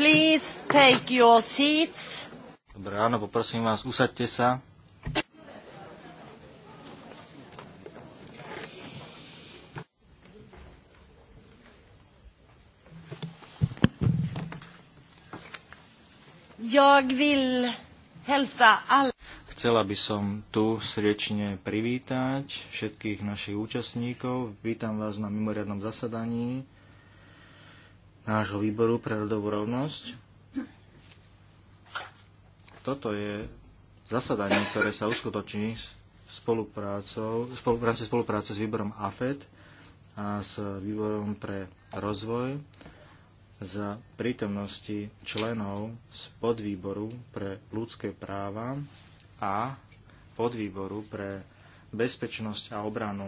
Please take your seats. poprosím vás, usaďte sa. Jag vill hälsa alla chcela by som tu srdečne privítať všetkých našich účastníkov. Vítam vás na mimoriadnom zasadaní nášho výboru pre rodovú rovnosť. Toto je zasadanie, ktoré sa uskutoční spoluprácou, spolupráce, spolupráce s výborom AFED a s výborom pre rozvoj za prítomnosti členov z podvýboru pre ľudské práva a podvýboru pre bezpečnosť a obranu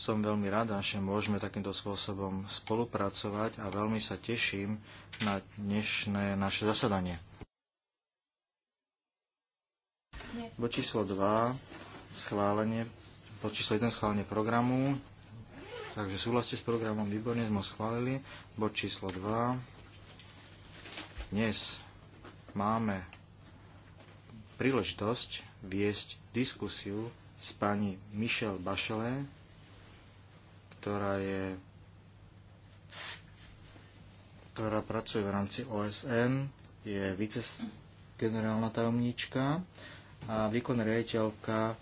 som veľmi rada, že môžeme takýmto spôsobom spolupracovať a veľmi sa teším na dnešné naše zasadanie. Bo číslo 2, schválenie, po číslo 1, schválenie programu. Takže súhlasíte s programom, výborne sme schválili. Bod číslo 2. Dnes máme príležitosť viesť diskusiu s pani Michelle Bachelet, ktorá je ktorá pracuje v rámci OSN, je vice generálna tajomníčka a výkonná riaditeľka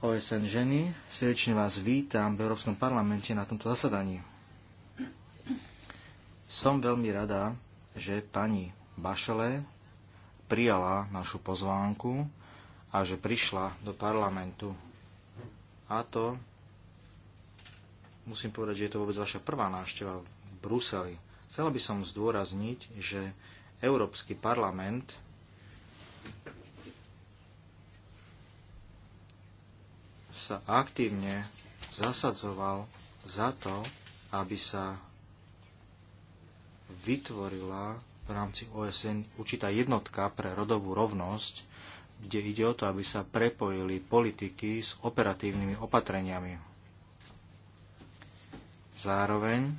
OSN ženy. Srdečne vás vítam v Európskom parlamente na tomto zasadaní. Som veľmi rada, že pani Bašele prijala našu pozvánku a že prišla do parlamentu. A to musím povedať, že je to vôbec vaša prvá návšteva v Bruseli. Chcela by som zdôrazniť, že Európsky parlament sa aktívne zasadzoval za to, aby sa vytvorila v rámci OSN určitá jednotka pre rodovú rovnosť, kde ide o to, aby sa prepojili politiky s operatívnymi opatreniami Zároveň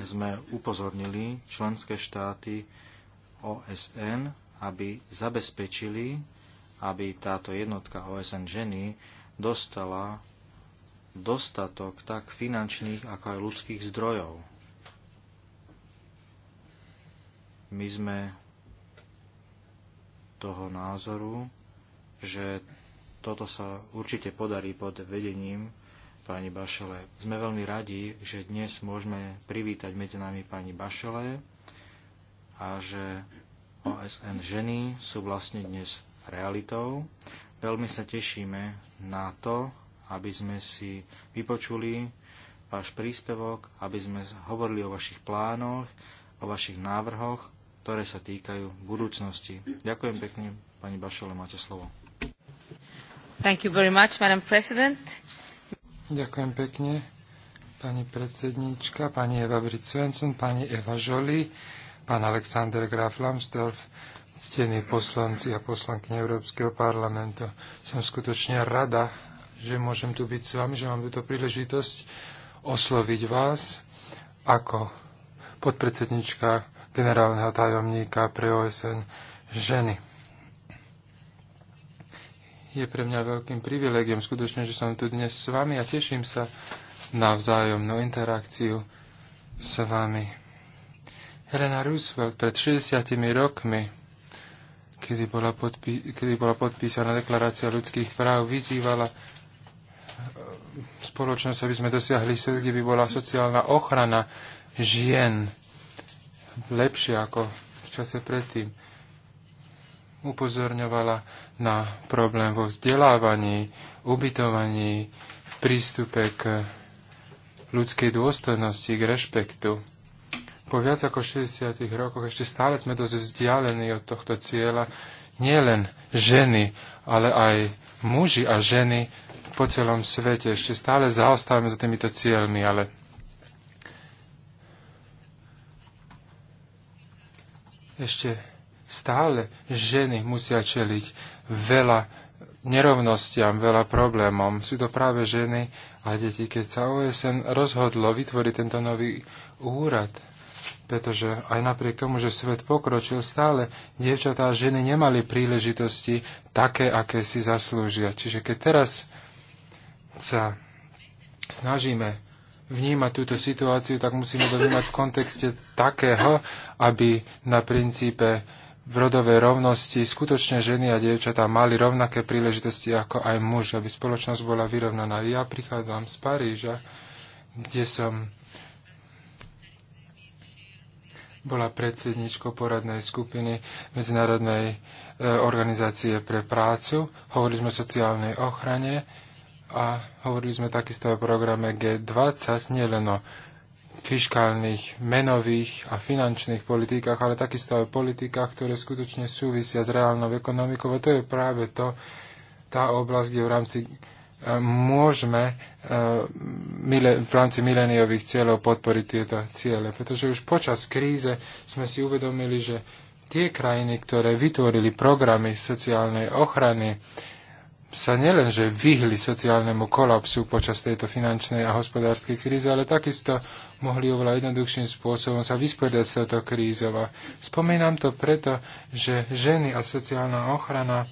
sme upozornili členské štáty OSN, aby zabezpečili, aby táto jednotka OSN ženy dostala dostatok tak finančných, ako aj ľudských zdrojov. My sme toho názoru, že toto sa určite podarí pod vedením pani Bašele. Sme veľmi radi, že dnes môžeme privítať medzi nami pani Bašele a že OSN ženy sú vlastne dnes realitou. Veľmi sa tešíme na to, aby sme si vypočuli váš príspevok, aby sme hovorili o vašich plánoch, o vašich návrhoch, ktoré sa týkajú budúcnosti. Ďakujem pekne, pani Bašole, máte slovo. Thank you very much, Madam President. Ďakujem pekne, pani predsednička, pani Eva Britsvenson, pani Eva Žoli, pán Alexander Graf Lambsdorff, ctení poslanci a poslankyne Európskeho parlamentu. Som skutočne rada, že môžem tu byť s vami, že mám túto príležitosť osloviť vás ako podpredsednička generálneho tajomníka pre OSN ženy. Je pre mňa veľkým privilegiom skutočne, že som tu dnes s vami a teším sa na vzájomnú interakciu s vami. Helena Roosevelt pred 60 rokmi, kedy bola, podpí- kedy bola podpísaná deklarácia ľudských práv, vyzývala e, spoločnosť, aby sme dosiahli svet, kde by bola sociálna ochrana žien lepšia ako v čase predtým. Upozorňovala na problém vo vzdelávaní, ubytovaní, v prístupe k ľudskej dôstojnosti, k rešpektu. Po viac ako 60 rokoch ešte stále sme dosť vzdialení od tohto cieľa. Nie len ženy, ale aj muži a ženy po celom svete. Ešte stále zaostávame za týmito cieľmi, ale ešte stále ženy musia čeliť veľa nerovnostiam, veľa problémom. Sú to práve ženy a deti, keď sa OSN rozhodlo vytvoriť tento nový úrad, pretože aj napriek tomu, že svet pokročil stále, dievčatá a ženy nemali príležitosti také, aké si zaslúžia. Čiže keď teraz sa snažíme vnímať túto situáciu, tak musíme to vnímať v kontexte takého, aby na princípe v rodovej rovnosti skutočne ženy a dievčatá mali rovnaké príležitosti ako aj muž, aby spoločnosť bola vyrovnaná. Ja prichádzam z Paríža, kde som bola predsedničkou poradnej skupiny Medzinárodnej e, organizácie pre prácu. Hovorili sme o sociálnej ochrane a hovorili sme takisto o programe G20, nielen o fiskálnych, menových a finančných politikách, ale takisto aj politikách, ktoré skutočne súvisia s reálnou ekonomikou. A to je práve to, tá oblasť, kde v rámci e, môžeme e, v rámci mileniových cieľov podporiť tieto ciele. Pretože už počas kríze sme si uvedomili, že tie krajiny, ktoré vytvorili programy sociálnej ochrany, sa nielenže vyhli sociálnemu kolapsu počas tejto finančnej a hospodárskej krízy, ale takisto mohli oveľa jednoduchším spôsobom sa vyspovedať z touto krízou. A spomínam to preto, že ženy a sociálna ochrana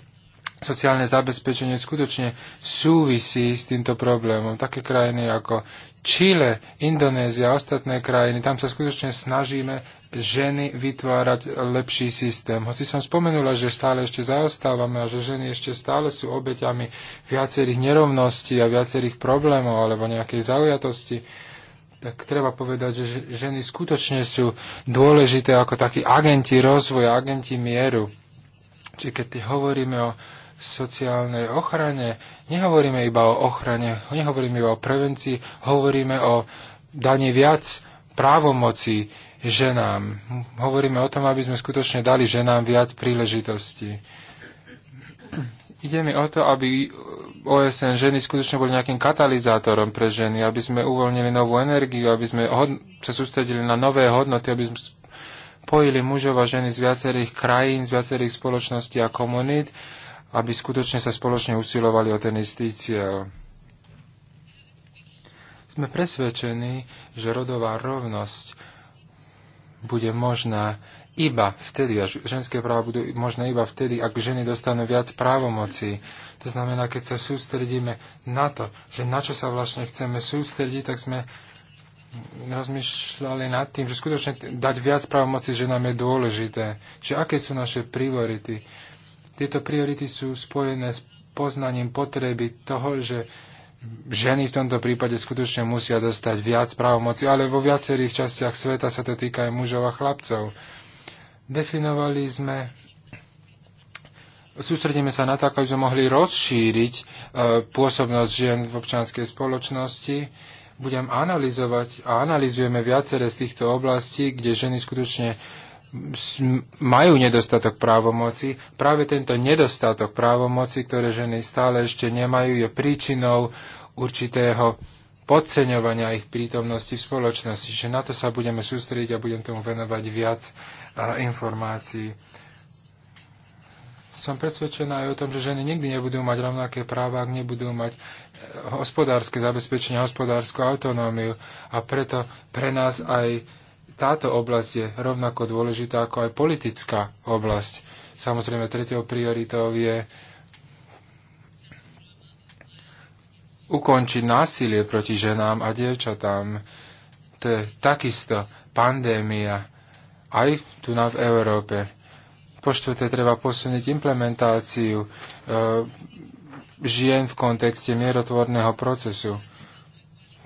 sociálne zabezpečenie skutočne súvisí s týmto problémom. Také krajiny ako Čile, Indonézia a ostatné krajiny, tam sa skutočne snažíme ženy vytvárať lepší systém. Hoci som spomenula, že stále ešte zaostávame a že ženy ešte stále sú obeťami viacerých nerovností a viacerých problémov alebo nejakej zaujatosti, tak treba povedať, že ženy skutočne sú dôležité ako takí agenti rozvoja, agenti mieru. Či keď hovoríme o sociálnej ochrane. Nehovoríme iba o ochrane, nehovoríme iba o prevencii, hovoríme o daní viac právomocí ženám. Hovoríme o tom, aby sme skutočne dali ženám viac príležitostí. Ide mi o to, aby OSN ženy skutočne boli nejakým katalizátorom pre ženy, aby sme uvoľnili novú energiu, aby sme sa sústredili na nové hodnoty, aby sme spojili mužov a ženy z viacerých krajín, z viacerých spoločností a komunít aby skutočne sa spoločne usilovali o ten istý cieľ. Sme presvedčení, že rodová rovnosť bude možná iba vtedy, až ženské práva budú možné iba vtedy, ak ženy dostanú viac právomocí. To znamená, keď sa sústredíme na to, že na čo sa vlastne chceme sústrediť, tak sme rozmýšľali nad tým, že skutočne dať viac právomocí ženám je dôležité. Čiže aké sú naše priority? Tieto priority sú spojené s poznaním potreby toho, že ženy v tomto prípade skutočne musia dostať viac právomoci, ale vo viacerých častiach sveta sa to týka aj mužov a chlapcov. Definovali sme sústredíme sa na to, aby sme mohli rozšíriť e, pôsobnosť žien v občianskej spoločnosti. Budem analyzovať a analyzujeme viaceré z týchto oblastí, kde ženy skutočne majú nedostatok právomoci. Práve tento nedostatok právomoci, ktoré ženy stále ešte nemajú, je príčinou určitého podceňovania ich prítomnosti v spoločnosti. Že na to sa budeme sústrediť a budem tomu venovať viac informácií. Som presvedčená aj o tom, že ženy nikdy nebudú mať rovnaké práva, ak nebudú mať e, hospodárske zabezpečenie, hospodárskú autonómiu. A preto pre nás aj táto oblasť je rovnako dôležitá ako aj politická oblasť. Samozrejme, tretiou prioritou je ukončiť násilie proti ženám a dievčatám. To je takisto pandémia aj tu na v Európe. Po štvrté, treba posunúť implementáciu e, žien v kontexte mierotvorného procesu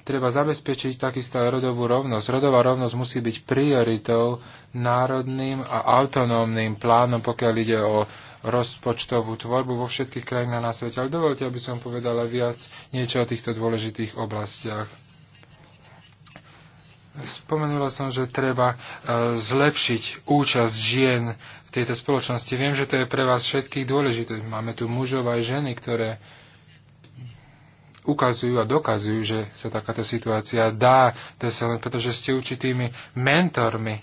treba zabezpečiť takisto aj rodovú rovnosť. Rodová rovnosť musí byť prioritou národným a autonómnym plánom, pokiaľ ide o rozpočtovú tvorbu vo všetkých krajinách na svete. Ale dovolte, aby som povedala viac niečo o týchto dôležitých oblastiach. Spomenula som, že treba e, zlepšiť účasť žien v tejto spoločnosti. Viem, že to je pre vás všetkých dôležité. Máme tu mužov aj ženy, ktoré ukazujú a dokazujú, že sa takáto situácia dá. To sa ste určitými mentormi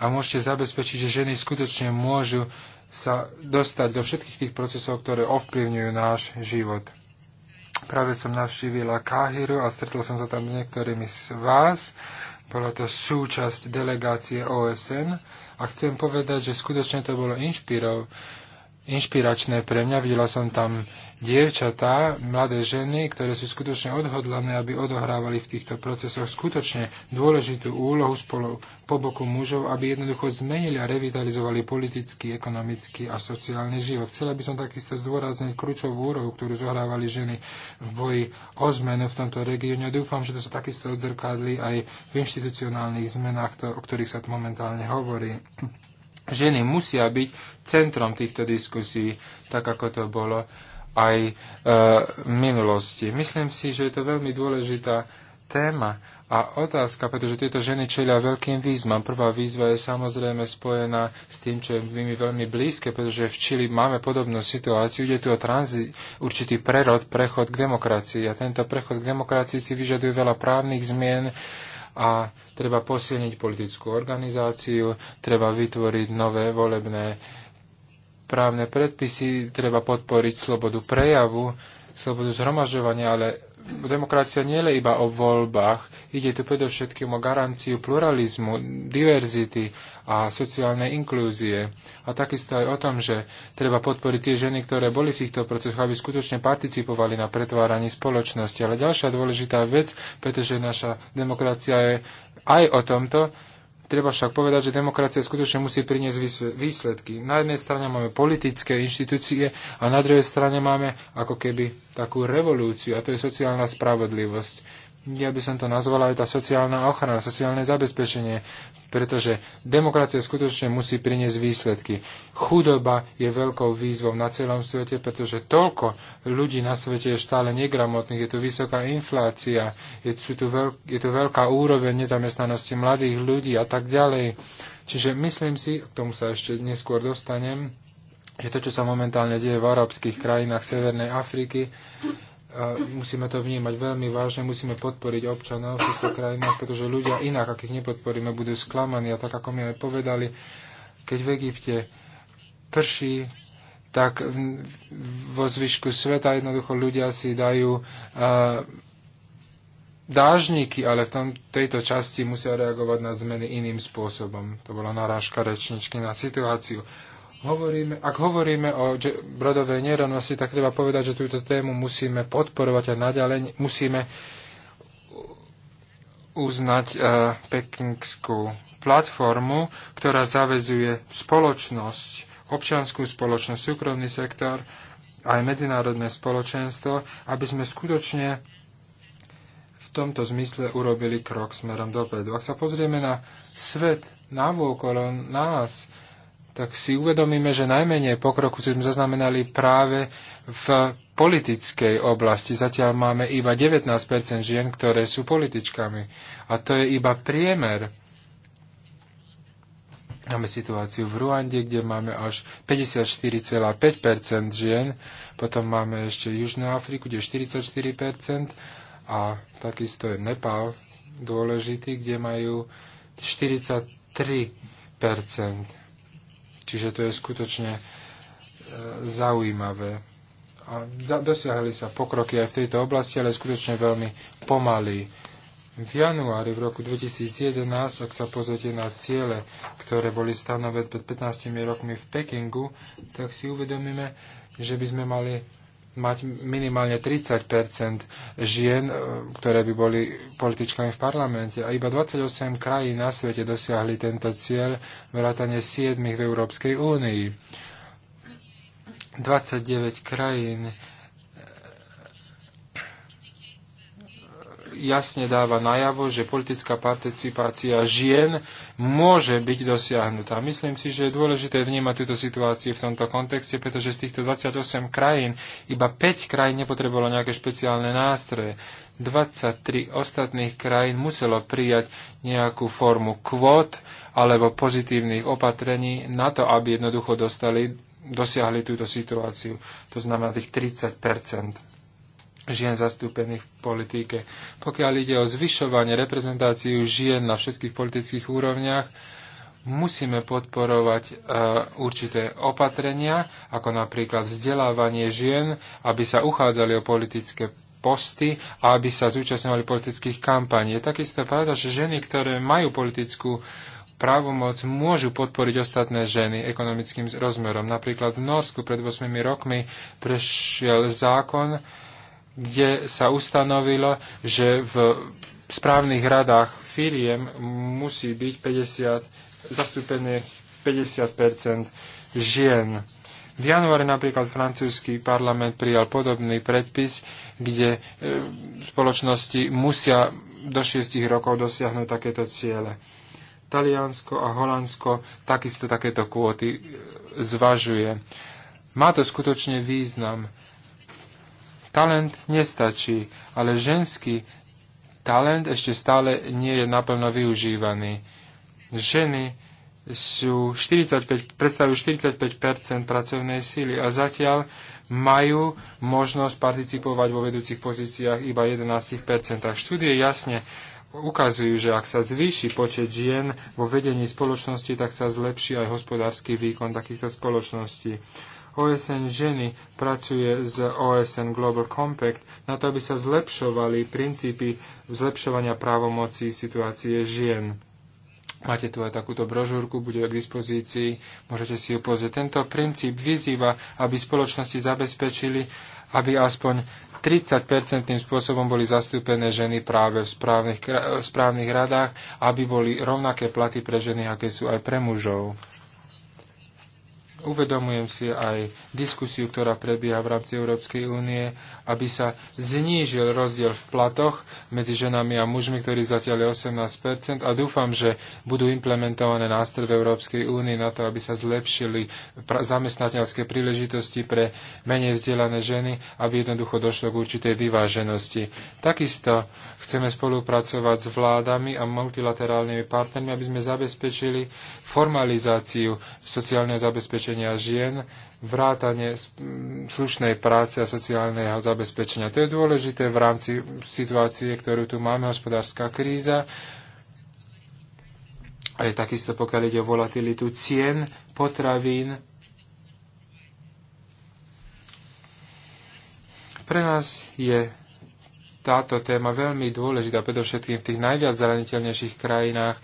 a môžete zabezpečiť, že ženy skutočne môžu sa dostať do všetkých tých procesov, ktoré ovplyvňujú náš život. Práve som navštívila Káhiru a stretol som sa tam s niektorými z vás. Bola to súčasť delegácie OSN a chcem povedať, že skutočne to bolo inšpirov, inšpiračné pre mňa. Videla som tam dievčatá, mladé ženy, ktoré sú skutočne odhodlané, aby odohrávali v týchto procesoch skutočne dôležitú úlohu spolu po boku mužov, aby jednoducho zmenili a revitalizovali politický, ekonomický a sociálny život. Chcela by som takisto zdôrazniť kľúčovú úrohu, ktorú zohrávali ženy v boji o zmenu v tomto regióne. Dúfam, že to sa takisto odzrkadli aj v inštitucionálnych zmenách, o ktorých sa momentálne hovorí ženy musia byť centrom týchto diskusí, tak ako to bolo aj e, v minulosti. Myslím si, že je to veľmi dôležitá téma a otázka, pretože tieto ženy čelia veľkým výzvam. Prvá výzva je samozrejme spojená s tým, čo je mi veľmi blízke, pretože v Čili máme podobnú situáciu, ide tu o transi, určitý prerod, prechod k demokracii a tento prechod k demokracii si vyžaduje veľa právnych zmien, a treba posilniť politickú organizáciu, treba vytvoriť nové volebné právne predpisy, treba podporiť slobodu prejavu, slobodu zhromažovania, ale demokracia nie je iba o voľbách, ide tu predovšetkým o garanciu pluralizmu, diverzity a sociálnej inklúzie. A takisto aj o tom, že treba podporiť tie ženy, ktoré boli v týchto procesoch, aby skutočne participovali na pretváraní spoločnosti. Ale ďalšia dôležitá vec, pretože naša demokracia je aj o tomto, Treba však povedať, že demokracia skutočne musí priniesť výsledky. Na jednej strane máme politické inštitúcie a na druhej strane máme ako keby takú revolúciu a to je sociálna spravodlivosť ja by som to nazvala aj tá sociálna ochrana, sociálne zabezpečenie, pretože demokracia skutočne musí priniesť výsledky. Chudoba je veľkou výzvou na celom svete, pretože toľko ľudí na svete je stále negramotných, je tu vysoká inflácia, je tu, veľk, je tu veľká úroveň nezamestnanosti mladých ľudí a tak ďalej. Čiže myslím si, k tomu sa ešte neskôr dostanem, že to, čo sa momentálne deje v arabských krajinách Severnej Afriky, a musíme to vnímať veľmi vážne, musíme podporiť občanov v týchto krajinách, pretože ľudia inak, ak ich nepodporíme, budú sklamaní. A tak ako mi aj povedali, keď v Egypte prší, tak vo zvyšku sveta jednoducho ľudia si dajú uh, dážniky, ale v tom, tejto časti musia reagovať na zmeny iným spôsobom. To bola narážka rečničky na situáciu. Hovoríme, ak hovoríme o brodovej nerovnosti, tak treba povedať, že túto tému musíme podporovať a naďalej musíme uznať uh, pekingskú platformu, ktorá zavezuje spoločnosť, občianskú spoločnosť, súkromný sektor, aj medzinárodné spoločenstvo, aby sme skutočne v tomto zmysle urobili krok smerom dopredu. Ak sa pozrieme na svet okolo nás, tak si uvedomíme, že najmenej pokroku sme zaznamenali práve v politickej oblasti. Zatiaľ máme iba 19 žien, ktoré sú političkami. A to je iba priemer. Máme situáciu v Ruande, kde máme až 54,5 žien. Potom máme ešte Južnú Afriku, kde je 44 a takisto je Nepal dôležitý, kde majú 43 Čiže to je skutočne e, zaujímavé. A dosiahli sa pokroky aj v tejto oblasti, ale skutočne veľmi pomaly. V januári v roku 2011, ak sa pozrite na ciele, ktoré boli stanovené pred 15 rokmi v Pekingu, tak si uvedomíme, že by sme mali mať minimálne 30 žien, e, ktoré by boli političkami v parlamente. A iba 28 krajín na svete dosiahli tento cieľ, vrátane 7 v Európskej únii. 29 krajín jasne dáva najavo, že politická participácia žien môže byť dosiahnutá. Myslím si, že je dôležité vnímať túto situáciu v tomto kontexte, pretože z týchto 28 krajín iba 5 krajín nepotrebovalo nejaké špeciálne nástroje. 23 ostatných krajín muselo prijať nejakú formu kvót alebo pozitívnych opatrení na to, aby jednoducho dostali, dosiahli túto situáciu. To znamená tých 30 žien zastúpených v politike. Pokiaľ ide o zvyšovanie reprezentáciu žien na všetkých politických úrovniach, musíme podporovať e, určité opatrenia, ako napríklad vzdelávanie žien, aby sa uchádzali o politické posty a aby sa zúčastňovali politických kampaní. Je takisto pravda, že ženy, ktoré majú politickú právomoc, môžu podporiť ostatné ženy ekonomickým rozmerom. Napríklad v Norsku pred 8 rokmi prešiel zákon, kde sa ustanovilo, že v správnych radách firiem musí byť 50, zastúpených 50 žien. V januári napríklad francúzsky parlament prijal podobný predpis, kde e, spoločnosti musia do 6 rokov dosiahnuť takéto ciele. Taliansko a Holandsko takisto takéto kvóty e, zvažuje. Má to skutočne význam talent nestačí, ale ženský talent ešte stále nie je naplno využívaný. Ženy sú 45, predstavujú 45 pracovnej síly a zatiaľ majú možnosť participovať vo vedúcich pozíciách iba 11 Štúdie jasne ukazujú, že ak sa zvýši počet žien vo vedení spoločnosti, tak sa zlepší aj hospodársky výkon takýchto spoločností. OSN ženy pracuje s OSN Global Compact na to, aby sa zlepšovali princípy zlepšovania právomocí situácie žien. Máte tu aj takúto brožúrku, bude k dispozícii, môžete si ju pozrieť. Tento princíp vyzýva, aby spoločnosti zabezpečili, aby aspoň 30-percentným spôsobom boli zastúpené ženy práve v správnych, v správnych radách, aby boli rovnaké platy pre ženy, aké sú aj pre mužov uvedomujem si aj diskusiu, ktorá prebieha v rámci Európskej únie, aby sa znížil rozdiel v platoch medzi ženami a mužmi, ktorý zatiaľ je 18 a dúfam, že budú implementované nástroje v Európskej únii na to, aby sa zlepšili zamestnateľské príležitosti pre menej vzdelané ženy, aby jednoducho došlo k určitej vyváženosti. Takisto chceme spolupracovať s vládami a multilaterálnymi partnermi, aby sme zabezpečili formalizáciu sociálneho zabezpečenia zabezpečenia žien, vrátanie slušnej práce a sociálneho zabezpečenia. To je dôležité v rámci situácie, ktorú tu máme, hospodárska kríza. A je takisto, pokiaľ ide o volatilitu cien potravín. Pre nás je táto téma veľmi dôležitá, predovšetkým v tých najviac zraniteľnejších krajinách.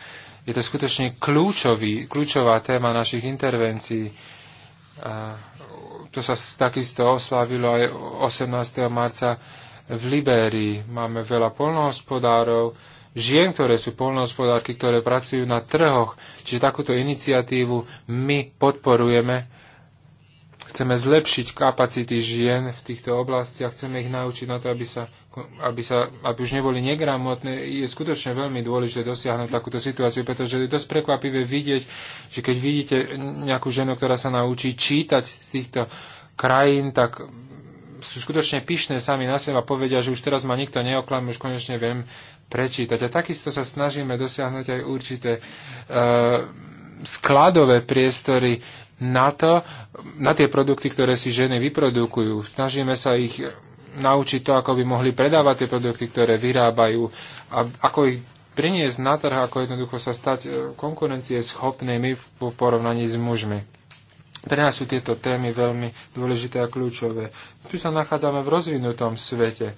Je to skutočne kľúčový, kľúčová téma našich intervencií to sa takisto oslavilo aj 18. marca v Libérii. Máme veľa polnohospodárov, žien, ktoré sú polnohospodárky, ktoré pracujú na trhoch. Čiže takúto iniciatívu my podporujeme. Chceme zlepšiť kapacity žien v týchto oblastiach, chceme ich naučiť na to, aby sa aby, sa, aby už neboli negramotné, je skutočne veľmi dôležité dosiahnuť takúto situáciu, pretože je dosť prekvapivé vidieť, že keď vidíte nejakú ženu, ktorá sa naučí čítať z týchto krajín, tak sú skutočne pyšné sami na seba, povedia, že už teraz ma nikto neoklame, už konečne viem prečítať. A takisto sa snažíme dosiahnuť aj určité uh, skladové priestory na to, na tie produkty, ktoré si ženy vyprodukujú. Snažíme sa ich naučiť to, ako by mohli predávať tie produkty, ktoré vyrábajú a ako ich priniesť na trh, ako jednoducho sa stať e, konkurencie schopnými v porovnaní s mužmi. Pre nás sú tieto témy veľmi dôležité a kľúčové. Tu sa nachádzame v rozvinutom svete.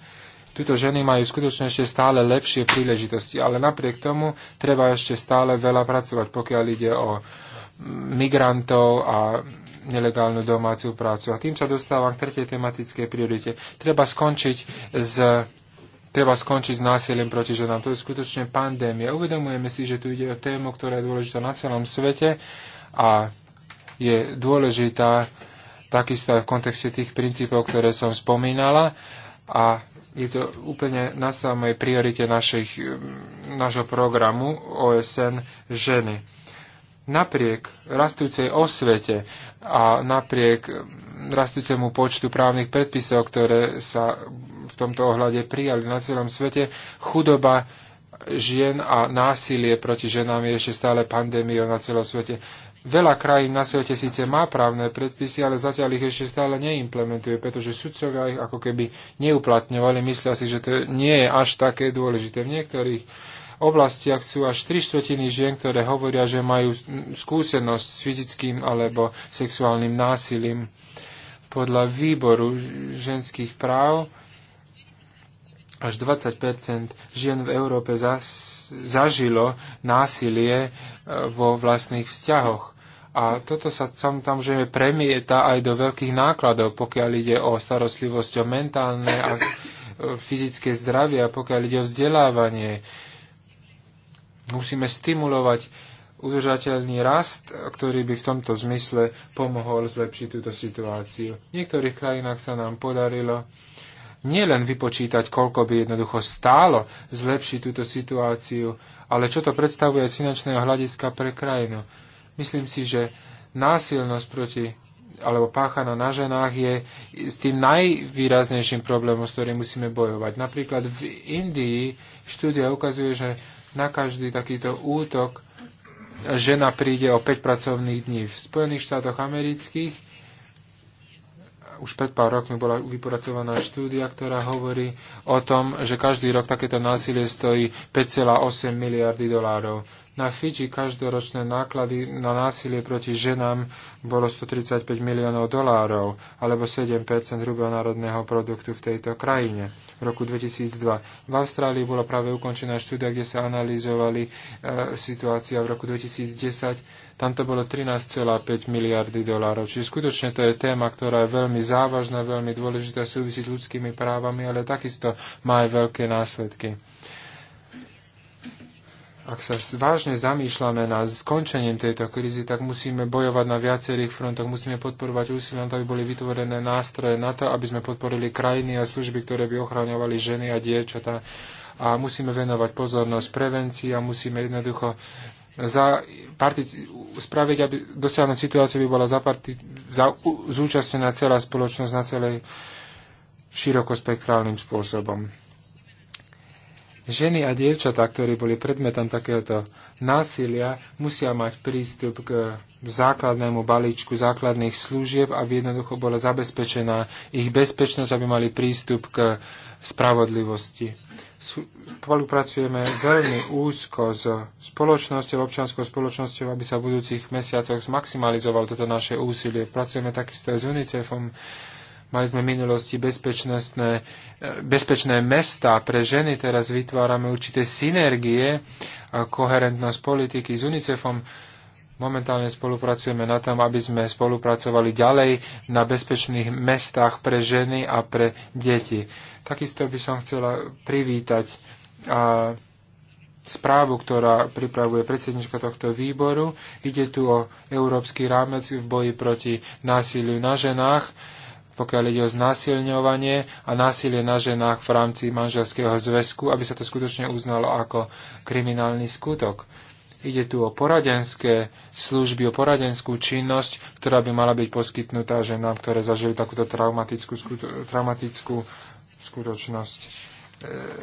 Tuto ženy majú skutočne ešte stále lepšie príležitosti, ale napriek tomu treba ešte stále veľa pracovať, pokiaľ ide o migrantov a nelegálnu domácu prácu. A tým sa dostávam k tretej tematickej priorite. Treba skončiť s treba skončiť s násilím proti ženám. To je skutočne pandémia. Uvedomujeme si, že tu ide o tému, ktorá je dôležitá na celom svete a je dôležitá takisto aj v kontexte tých princípov, ktoré som spomínala. A je to úplne na samej priorite našich, našho programu OSN ženy napriek rastúcej osvete a napriek rastúcemu počtu právnych predpisov, ktoré sa v tomto ohľade prijali na celom svete, chudoba žien a násilie proti ženám je ešte stále pandémiou na celom svete. Veľa krajín na svete síce má právne predpisy, ale zatiaľ ich ešte stále neimplementuje, pretože sudcovia ich ako keby neuplatňovali. Myslia si, že to nie je až také dôležité. V niektorých oblastiach sú až tri štvrtiny žien, ktoré hovoria, že majú skúsenosť s fyzickým alebo sexuálnym násilím. Podľa výboru ženských práv až 20 žien v Európe zažilo násilie e, vo vlastných vzťahoch. A toto sa samozrejme premieta aj do veľkých nákladov, pokiaľ ide o starostlivosť o mentálne a e, fyzické zdravie a pokiaľ ide o vzdelávanie Musíme stimulovať udržateľný rast, ktorý by v tomto zmysle pomohol zlepšiť túto situáciu. V niektorých krajinách sa nám podarilo nielen vypočítať, koľko by jednoducho stálo zlepšiť túto situáciu, ale čo to predstavuje z finančného hľadiska pre krajinu. Myslím si, že násilnosť proti alebo páchaná na ženách je s tým najvýraznejším problémom, s ktorým musíme bojovať. Napríklad v Indii štúdia ukazuje, že na každý takýto útok žena príde o 5 pracovných dní. V Spojených štátoch amerických už pred pár rokmi bola vypracovaná štúdia, ktorá hovorí o tom, že každý rok takéto násilie stojí 5,8 miliardy dolárov. Na Fidži každoročné náklady na násilie proti ženám bolo 135 miliónov dolárov, alebo 7 hrubého národného produktu v tejto krajine. V roku 2002 v Austrálii bola práve ukončená štúdia, kde sa analyzovali e, situácia v roku 2010. Tam to bolo 13,5 miliardy dolárov. Čiže skutočne to je téma, ktorá je veľmi závažná, veľmi dôležitá, súvisí s ľudskými právami, ale takisto má aj veľké následky ak sa vážne zamýšľame na skončením tejto krízy, tak musíme bojovať na viacerých frontoch, musíme podporovať úsilie na to, aby boli vytvorené nástroje na to, aby sme podporili krajiny a služby, ktoré by ochraňovali ženy a dievčatá. A musíme venovať pozornosť prevencii a musíme jednoducho za partic- spraviť, aby dosiahnuť situáciu, by bola za parti- za- zúčastnená celá spoločnosť na celej širokospektrálnym spôsobom ženy a dievčatá, ktorí boli predmetom takéhoto násilia, musia mať prístup k základnému balíčku základných služieb, aby jednoducho bola zabezpečená ich bezpečnosť, aby mali prístup k spravodlivosti. Spolupracujeme veľmi úzko s spoločnosťou, občianskou spoločnosťou, aby sa v budúcich mesiacoch zmaximalizovalo toto naše úsilie. Pracujeme takisto aj s UNICEFom, Mali sme v minulosti bezpečnostné, eh, bezpečné mesta pre ženy, teraz vytvárame určité synergie a koherentnosť politiky s UNICEFom. Momentálne spolupracujeme na tom, aby sme spolupracovali ďalej na bezpečných mestách pre ženy a pre deti. Takisto by som chcela privítať a správu, ktorá pripravuje predsednička tohto výboru. Ide tu o európsky rámec v boji proti násiliu na ženách pokiaľ ide o znásilňovanie a násilie na ženách v rámci manželského zväzku, aby sa to skutočne uznalo ako kriminálny skutok. Ide tu o poradenské služby, o poradenskú činnosť, ktorá by mala byť poskytnutá ženám, ktoré zažili takúto traumatickú, skuto- traumatickú skutočnosť. E,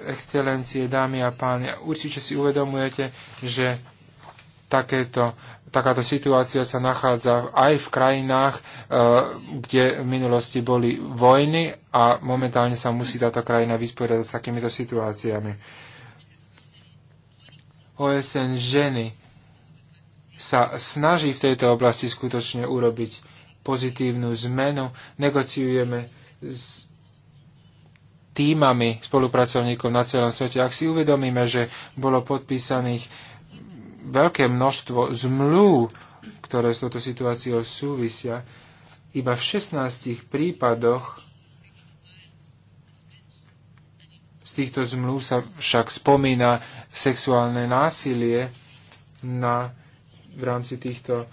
excelencie, dámy a páni, určite si uvedomujete, že takéto, takáto situácia sa nachádza aj v krajinách, e, kde v minulosti boli vojny a momentálne sa musí táto krajina vysporiadať s takýmito situáciami. OSN ženy sa snaží v tejto oblasti skutočne urobiť pozitívnu zmenu. Negociujeme s týmami spolupracovníkov na celom svete. Ak si uvedomíme, že bolo podpísaných veľké množstvo zmluv, ktoré s touto situáciou súvisia. Iba v 16 prípadoch z týchto zmluv sa však spomína sexuálne násilie na, v rámci týchto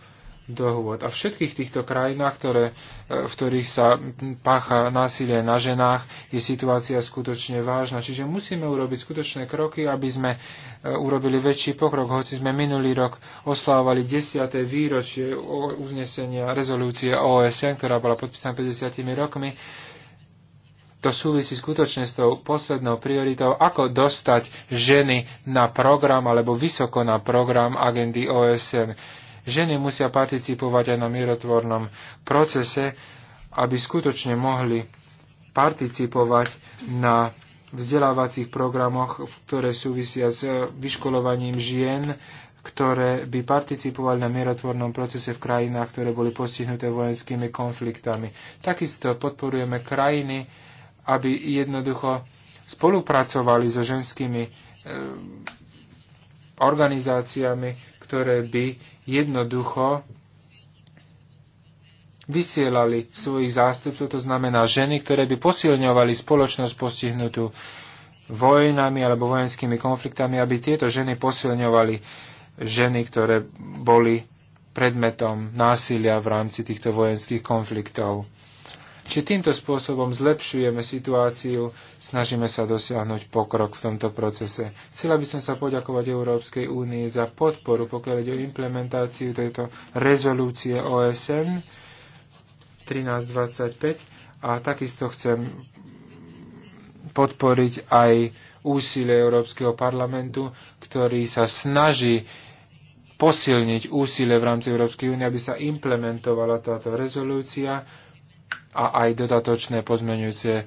dohôd. A v všetkých týchto krajinách, ktoré, e, v ktorých sa pácha násilie na ženách, je situácia skutočne vážna. Čiže musíme urobiť skutočné kroky, aby sme e, urobili väčší pokrok. Hoci sme minulý rok oslávali 10. výročie uznesenia rezolúcie OSN, ktorá bola podpísaná 50 rokmi, to súvisí skutočne s tou poslednou prioritou, ako dostať ženy na program alebo vysoko na program agendy OSN Ženy musia participovať aj na mierotvornom procese, aby skutočne mohli participovať na vzdelávacích programoch, ktoré súvisia s eh, vyškolovaním žien, ktoré by participovali na mierotvornom procese v krajinách, ktoré boli postihnuté vojenskými konfliktami. Takisto podporujeme krajiny, aby jednoducho spolupracovali so ženskými eh, organizáciami, ktoré by jednoducho vysielali svojich zástupcov, to znamená ženy, ktoré by posilňovali spoločnosť postihnutú vojnami alebo vojenskými konfliktami, aby tieto ženy posilňovali ženy, ktoré boli predmetom násilia v rámci týchto vojenských konfliktov. Či týmto spôsobom zlepšujeme situáciu, snažíme sa dosiahnuť pokrok v tomto procese. Chcela by som sa poďakovať Európskej únii za podporu, pokiaľ ide o implementáciu tejto rezolúcie OSN 1325 a takisto chcem podporiť aj úsilie Európskeho parlamentu, ktorý sa snaží posilniť úsilie v rámci Európskej únie, aby sa implementovala táto rezolúcia a aj dodatočné pozmeňujúce e,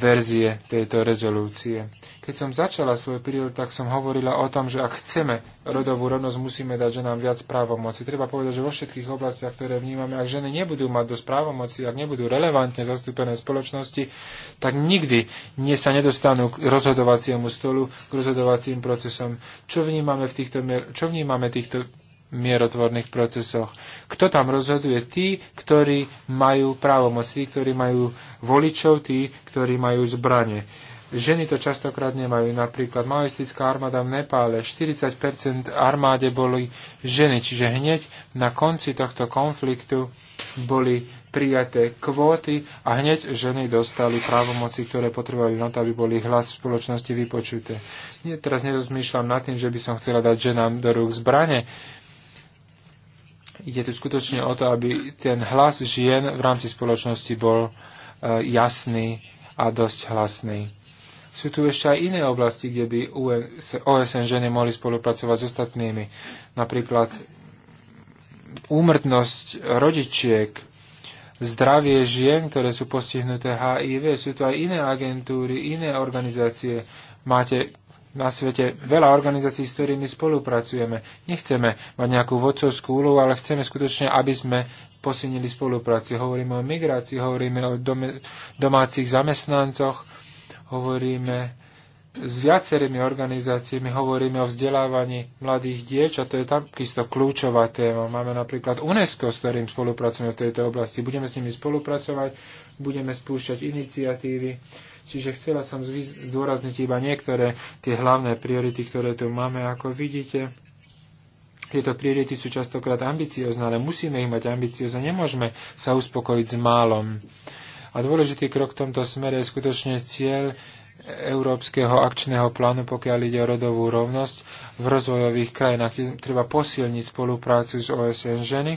verzie tejto rezolúcie. Keď som začala svoj prírod, tak som hovorila o tom, že ak chceme rodovú rovnosť, musíme dať ženám viac právomoci. Treba povedať, že vo všetkých oblastiach, ktoré vnímame, ak ženy nebudú mať dosť právomoci, ak nebudú relevantne zastúpené v spoločnosti, tak nikdy nie sa nedostanú k rozhodovaciemu stolu, k rozhodovacím procesom. Čo vnímame, v týchto, čo vnímame týchto, mierotvorných procesoch. Kto tam rozhoduje? Tí, ktorí majú právomoc, tí, ktorí majú voličov, tí, ktorí majú zbranie. Ženy to častokrát nemajú. Napríklad maoistická armáda v Nepále, 40% armáde boli ženy, čiže hneď na konci tohto konfliktu boli prijaté kvóty a hneď ženy dostali právomoci, ktoré potrebovali na to, aby boli hlas v spoločnosti vypočuté. Nie, teraz nerozmýšľam nad tým, že by som chcela dať ženám do rúk zbrane, Ide tu skutočne o to, aby ten hlas žien v rámci spoločnosti bol e, jasný a dosť hlasný. Sú tu ešte aj iné oblasti, kde by OSN ženy mohli spolupracovať s ostatnými. Napríklad úmrtnosť rodičiek, zdravie žien, ktoré sú postihnuté HIV. Sú tu aj iné agentúry, iné organizácie. Máte na svete veľa organizácií, s ktorými spolupracujeme. Nechceme mať nejakú vodcovskú úlohu, ale chceme skutočne, aby sme posunili spolupráci. Hovoríme o migrácii, hovoríme o dom- domácich zamestnancoch, hovoríme s viacerými organizáciami, hovoríme o vzdelávaní mladých dieč a to je takisto kľúčová téma. Máme napríklad UNESCO, s ktorým spolupracujeme v tejto oblasti. Budeme s nimi spolupracovať, budeme spúšťať iniciatívy Čiže chcela som zdôrazniť iba niektoré tie hlavné priority, ktoré tu máme. Ako vidíte, tieto priority sú častokrát ambiciozne, ale musíme ich mať ambiciozne. Nemôžeme sa uspokojiť s málom. A dôležitý krok v tomto smere je skutočne cieľ Európskeho akčného plánu, pokiaľ ide o rodovú rovnosť v rozvojových krajinách. Treba posilniť spoluprácu s OSN ženy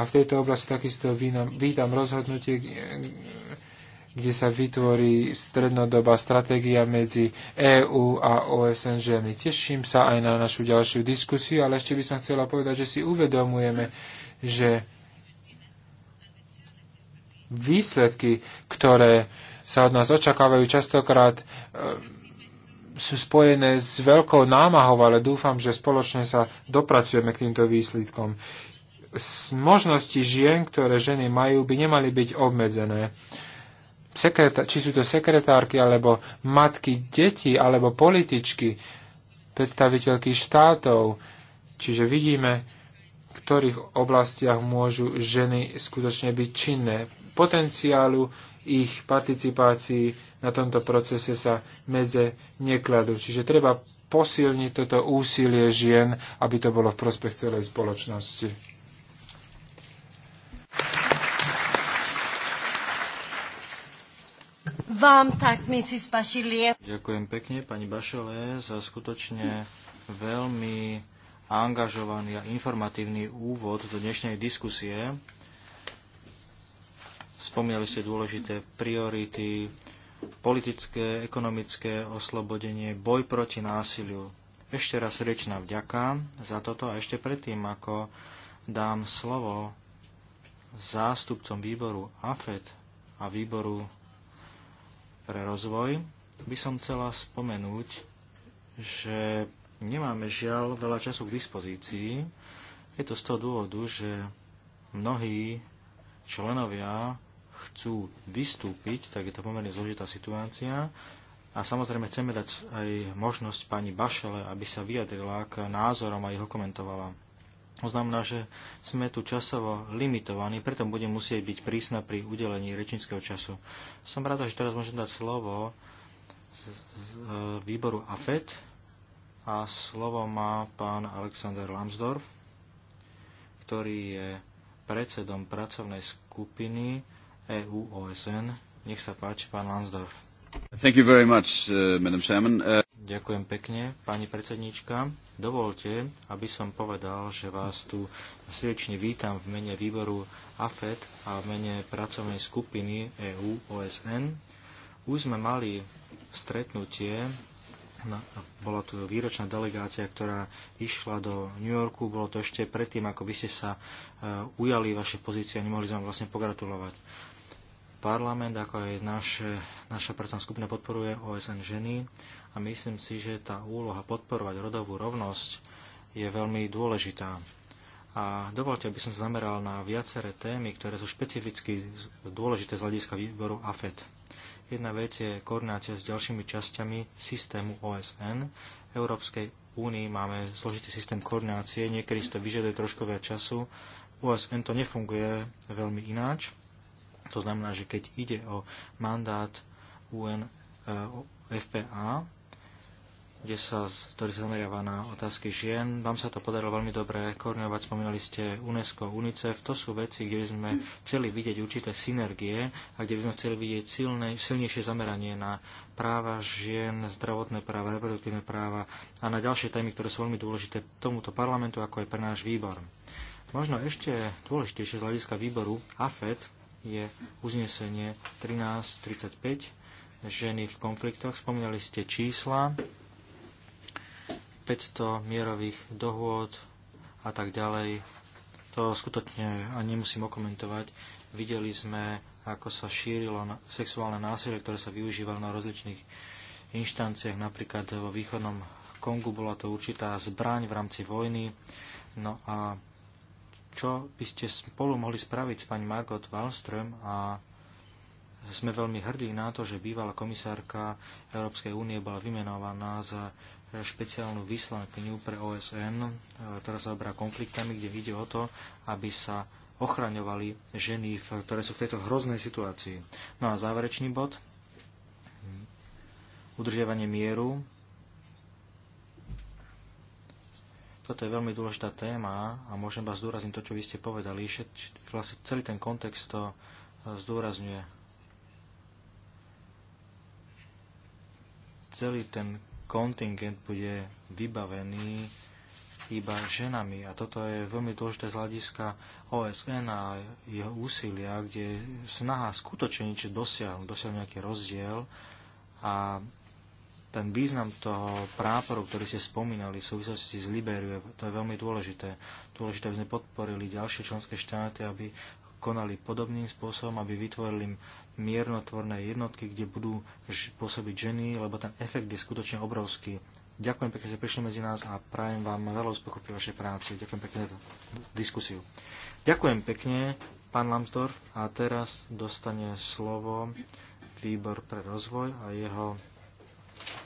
a v tejto oblasti takisto vítam, vítam rozhodnutie kde sa vytvorí strednodobá stratégia medzi EÚ a OSN ženy. Teším sa aj na našu ďalšiu diskusiu, ale ešte by som chcela povedať, že si uvedomujeme, že výsledky, ktoré sa od nás očakávajú, častokrát eh, sú spojené s veľkou námahou, ale dúfam, že spoločne sa dopracujeme k týmto výsledkom. Z možnosti žien, ktoré ženy majú, by nemali byť obmedzené či sú to sekretárky, alebo matky detí, alebo političky, predstaviteľky štátov. Čiže vidíme, v ktorých oblastiach môžu ženy skutočne byť činné. Potenciálu ich participácií na tomto procese sa medze nekladú. Čiže treba posilniť toto úsilie žien, aby to bolo v prospech celej spoločnosti. vám tak, Mrs. Bašilie. Ďakujem pekne, pani Bašele, za skutočne veľmi angažovaný a informatívny úvod do dnešnej diskusie. Spomínali ste dôležité priority, politické, ekonomické oslobodenie, boj proti násiliu. Ešte raz rečná vďaka za toto a ešte predtým, ako dám slovo zástupcom výboru AFED a výboru pre rozvoj, by som chcela spomenúť, že nemáme žiaľ veľa času k dispozícii. Je to z toho dôvodu, že mnohí členovia chcú vystúpiť, tak je to pomerne zložitá situácia. A samozrejme chceme dať aj možnosť pani Bašele, aby sa vyjadrila k názorom a ich komentovala. To znamená, že sme tu časovo limitovaní, preto budem musieť byť prísna pri udelení rečníckého času. Som rád, že teraz môžem dať slovo z, z výboru AFET a slovo má pán Alexander Lambsdorff, ktorý je predsedom pracovnej skupiny EU-OSN. Nech sa páči, pán Lambsdorff. Thank you very much, uh, Madam Chairman. Uh, Ďakujem pekne, pani predsedníčka. Dovolte, aby som povedal, že vás tu srdečne vítam v mene výboru AFED a v mene pracovnej skupiny EU-OSN. Už sme mali stretnutie, bola tu výročná delegácia, ktorá išla do New Yorku, bolo to ešte predtým, ako vy ste sa uh, ujali vaše pozície a nemohli sme vám vlastne pogratulovať parlament, ako aj naše, naša pracovná skupina podporuje OSN ženy a myslím si, že tá úloha podporovať rodovú rovnosť je veľmi dôležitá. A dovolte, aby som sa zameral na viaceré témy, ktoré sú špecificky dôležité z hľadiska výboru AFED. Jedna vec je koordinácia s ďalšími časťami systému OSN. Európskej únii máme zložitý systém koordinácie, niekedy si to vyžaduje trošku viac času. OSN to nefunguje veľmi ináč to znamená, že keď ide o mandát UN eh, FPA, kde sa, ktorý sa zameriava na otázky žien. Vám sa to podarilo veľmi dobre koordinovať. Spomínali ste UNESCO, UNICEF. To sú veci, kde by sme chceli vidieť určité synergie a kde by sme chceli vidieť silné, silnejšie zameranie na práva žien, zdravotné práva, reproduktívne práva a na ďalšie témy, ktoré sú veľmi dôležité tomuto parlamentu, ako je pre náš výbor. Možno ešte dôležitejšie z hľadiska výboru AFED je uznesenie 1335 ženy v konfliktoch. Spomínali ste čísla, 500 mierových dohôd a tak ďalej. To skutočne ani nemusím okomentovať. Videli sme, ako sa šírilo sexuálne násilie, ktoré sa využívalo na rozličných inštanciách. Napríklad vo východnom Kongu bola to určitá zbraň v rámci vojny. No a čo by ste spolu mohli spraviť s pani Margot Wallström a sme veľmi hrdí na to, že bývalá komisárka Európskej únie bola vymenovaná za špeciálnu vyslankyňu pre OSN, ktorá e, sa obrá konfliktami, kde ide o to, aby sa ochraňovali ženy, ktoré sú v tejto hroznej situácii. No a záverečný bod. Udržiavanie mieru Toto je veľmi dôležitá téma a môžem vás zdôrazniť to, čo vy ste povedali. Vlastne celý ten kontext to e, zdôrazňuje. Celý ten kontingent bude vybavený iba ženami. A toto je veľmi dôležité z hľadiska OSN a jeho úsilia, kde snaha skutočne niečo dosiahnuť, dosiahnuť nejaký rozdiel a ten význam toho práporu, ktorý ste spomínali v súvislosti s Liberiou, to je veľmi dôležité. Dôležité, aby sme podporili ďalšie členské štáty, aby konali podobným spôsobom, aby vytvorili miernotvorné jednotky, kde budú pôsobiť ženy, lebo ten efekt je skutočne obrovský. Ďakujem pekne, že prišli medzi nás a prajem vám veľa úspechu pri vašej práci. Ďakujem pekne za diskusiu. Ďakujem pekne, pán Lambsdorff. A teraz dostane slovo výbor pre rozvoj a jeho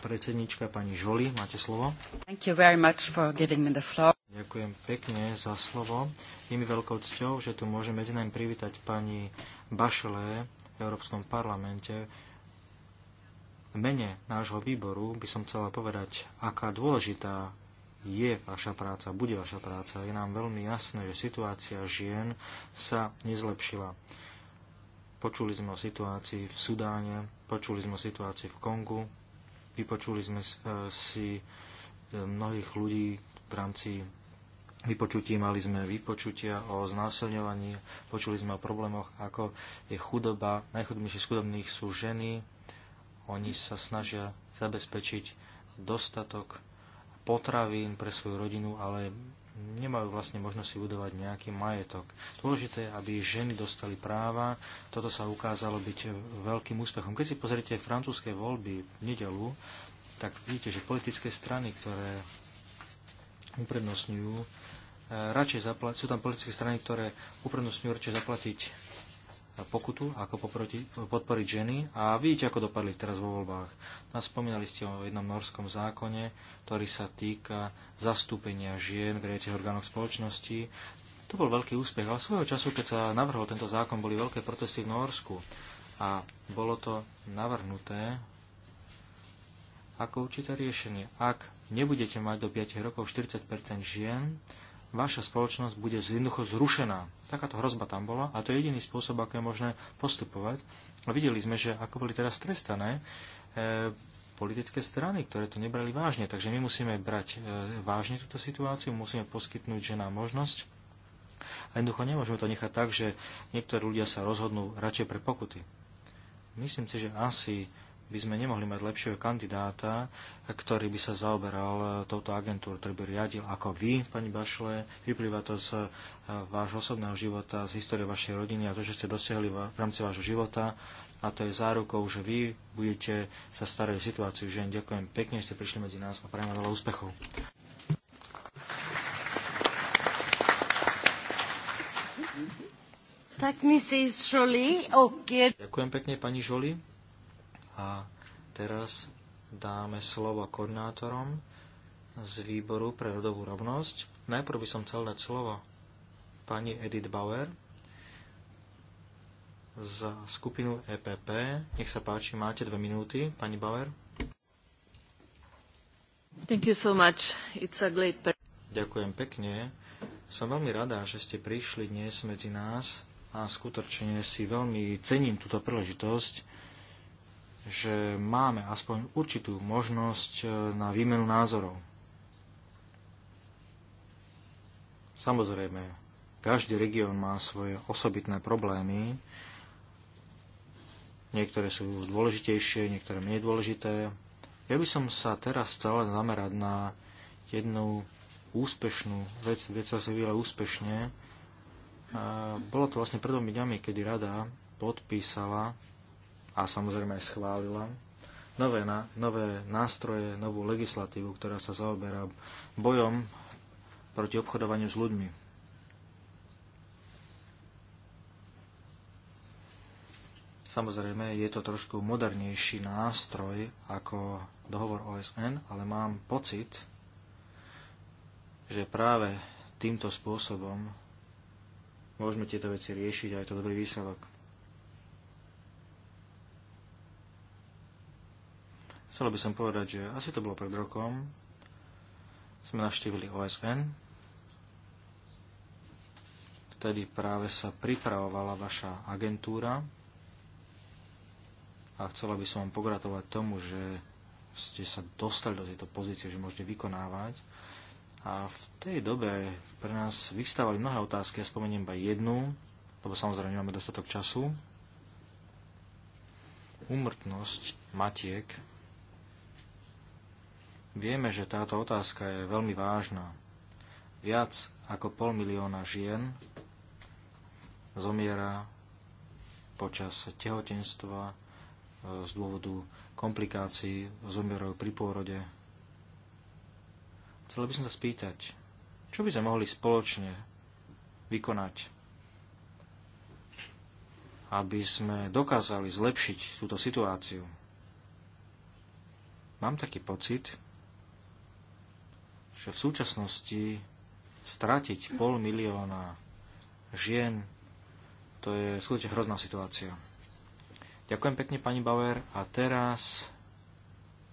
predsednička pani Žoli. Máte slovo. Ďakujem pekne za slovo. Je mi veľkou cťou, že tu môžem medzi nami privítať pani Bašelé v Európskom parlamente. V mene nášho výboru by som chcela povedať, aká dôležitá je vaša práca, bude vaša práca. Je nám veľmi jasné, že situácia žien sa nezlepšila. Počuli sme o situácii v Sudáne, počuli sme o situácii v Kongu, Vypočuli sme eh, si eh, mnohých ľudí v rámci vypočutí, mali sme vypočutia o znásilňovaní, počuli sme o problémoch, ako je chudoba, najchudobnejších chudobných sú ženy, oni sa snažia zabezpečiť dostatok potravín pre svoju rodinu, ale nemajú vlastne možnosť si budovať nejaký majetok. Dôležité je, aby ženy dostali práva. Toto sa ukázalo byť veľkým úspechom. Keď si pozrite francúzske voľby v nedelu, tak vidíte, že politické strany, ktoré uprednostňujú, eh, radšej zaplatiť, sú tam politické strany, ktoré uprednostňujú radšej zaplatiť pokutu, ako poproti, podporiť ženy a vidíte, ako dopadli teraz vo voľbách. Nás spomínali ste o jednom norskom zákone, ktorý sa týka zastúpenia žien v riadiacich orgánoch spoločnosti. To bol veľký úspech, ale svojho času, keď sa navrhol tento zákon, boli veľké protesty v Norsku a bolo to navrhnuté ako určité riešenie. Ak nebudete mať do 5 rokov 40 žien, vaša spoločnosť bude jednoducho zrušená. Takáto hrozba tam bola a to je jediný spôsob, ako je možné postupovať. A videli sme, že ako boli teraz trestané e, politické strany, ktoré to nebrali vážne. Takže my musíme brať e, vážne túto situáciu, musíme poskytnúť ženám možnosť. A jednoducho nemôžeme to nechať tak, že niektorí ľudia sa rozhodnú radšej pre pokuty. Myslím si, že asi by sme nemohli mať lepšieho kandidáta, ktorý by sa zaoberal e, touto agentúru, ktorý by riadil ako vy, pani Bašle. Vyplýva to z e, vášho osobného života, z histórie vašej rodiny a to, že ste dosiahli v rámci vášho života. A to je zárukou, že vy budete sa starať o situáciu žien. Ďakujem pekne, že ste prišli medzi nás a prajem veľa úspechov. Ďakujem pekne, pani Žoli. A teraz dáme slovo koordinátorom z výboru pre rodovú rovnosť. Najprv by som chcel dať slovo pani Edith Bauer za skupinu EPP. Nech sa páči, máte dve minúty, pani Bauer. Thank you so much. It's a great... Ďakujem pekne. Som veľmi rada, že ste prišli dnes medzi nás a skutočne si veľmi cením túto príležitosť že máme aspoň určitú možnosť e, na výmenu názorov. Samozrejme, každý región má svoje osobitné problémy. Niektoré sú dôležitejšie, niektoré menej dôležité. Ja by som sa teraz chcel zamerať na jednu úspešnú vec, vec sa vyvíjala úspešne. Bolo to vlastne pred dňami, kedy rada podpísala a samozrejme aj schválila nové, na, nové nástroje, novú legislatívu, ktorá sa zaoberá bojom proti obchodovaniu s ľuďmi. Samozrejme, je to trošku modernejší nástroj ako dohovor OSN, ale mám pocit, že práve týmto spôsobom môžeme tieto veci riešiť a je to dobrý výsledok. Chcel by som povedať, že asi to bolo pred rokom. Sme navštívili OSN. Vtedy práve sa pripravovala vaša agentúra. A chcela by som vám pogratulovať tomu, že ste sa dostali do tejto pozície, že môžete vykonávať. A v tej dobe pre nás vystávali mnohé otázky, ja spomeniem iba jednu, lebo samozrejme nemáme dostatok času. Úmrtnosť matiek Vieme, že táto otázka je veľmi vážna. Viac ako pol milióna žien zomiera počas tehotenstva e, z dôvodu komplikácií, zomierajú pri pôrode. Chcel by som sa spýtať, čo by sme mohli spoločne vykonať, aby sme dokázali zlepšiť túto situáciu. Mám taký pocit, že v súčasnosti stratiť pol milióna žien, to je skutočne hrozná situácia. Ďakujem pekne, pani Bauer. A teraz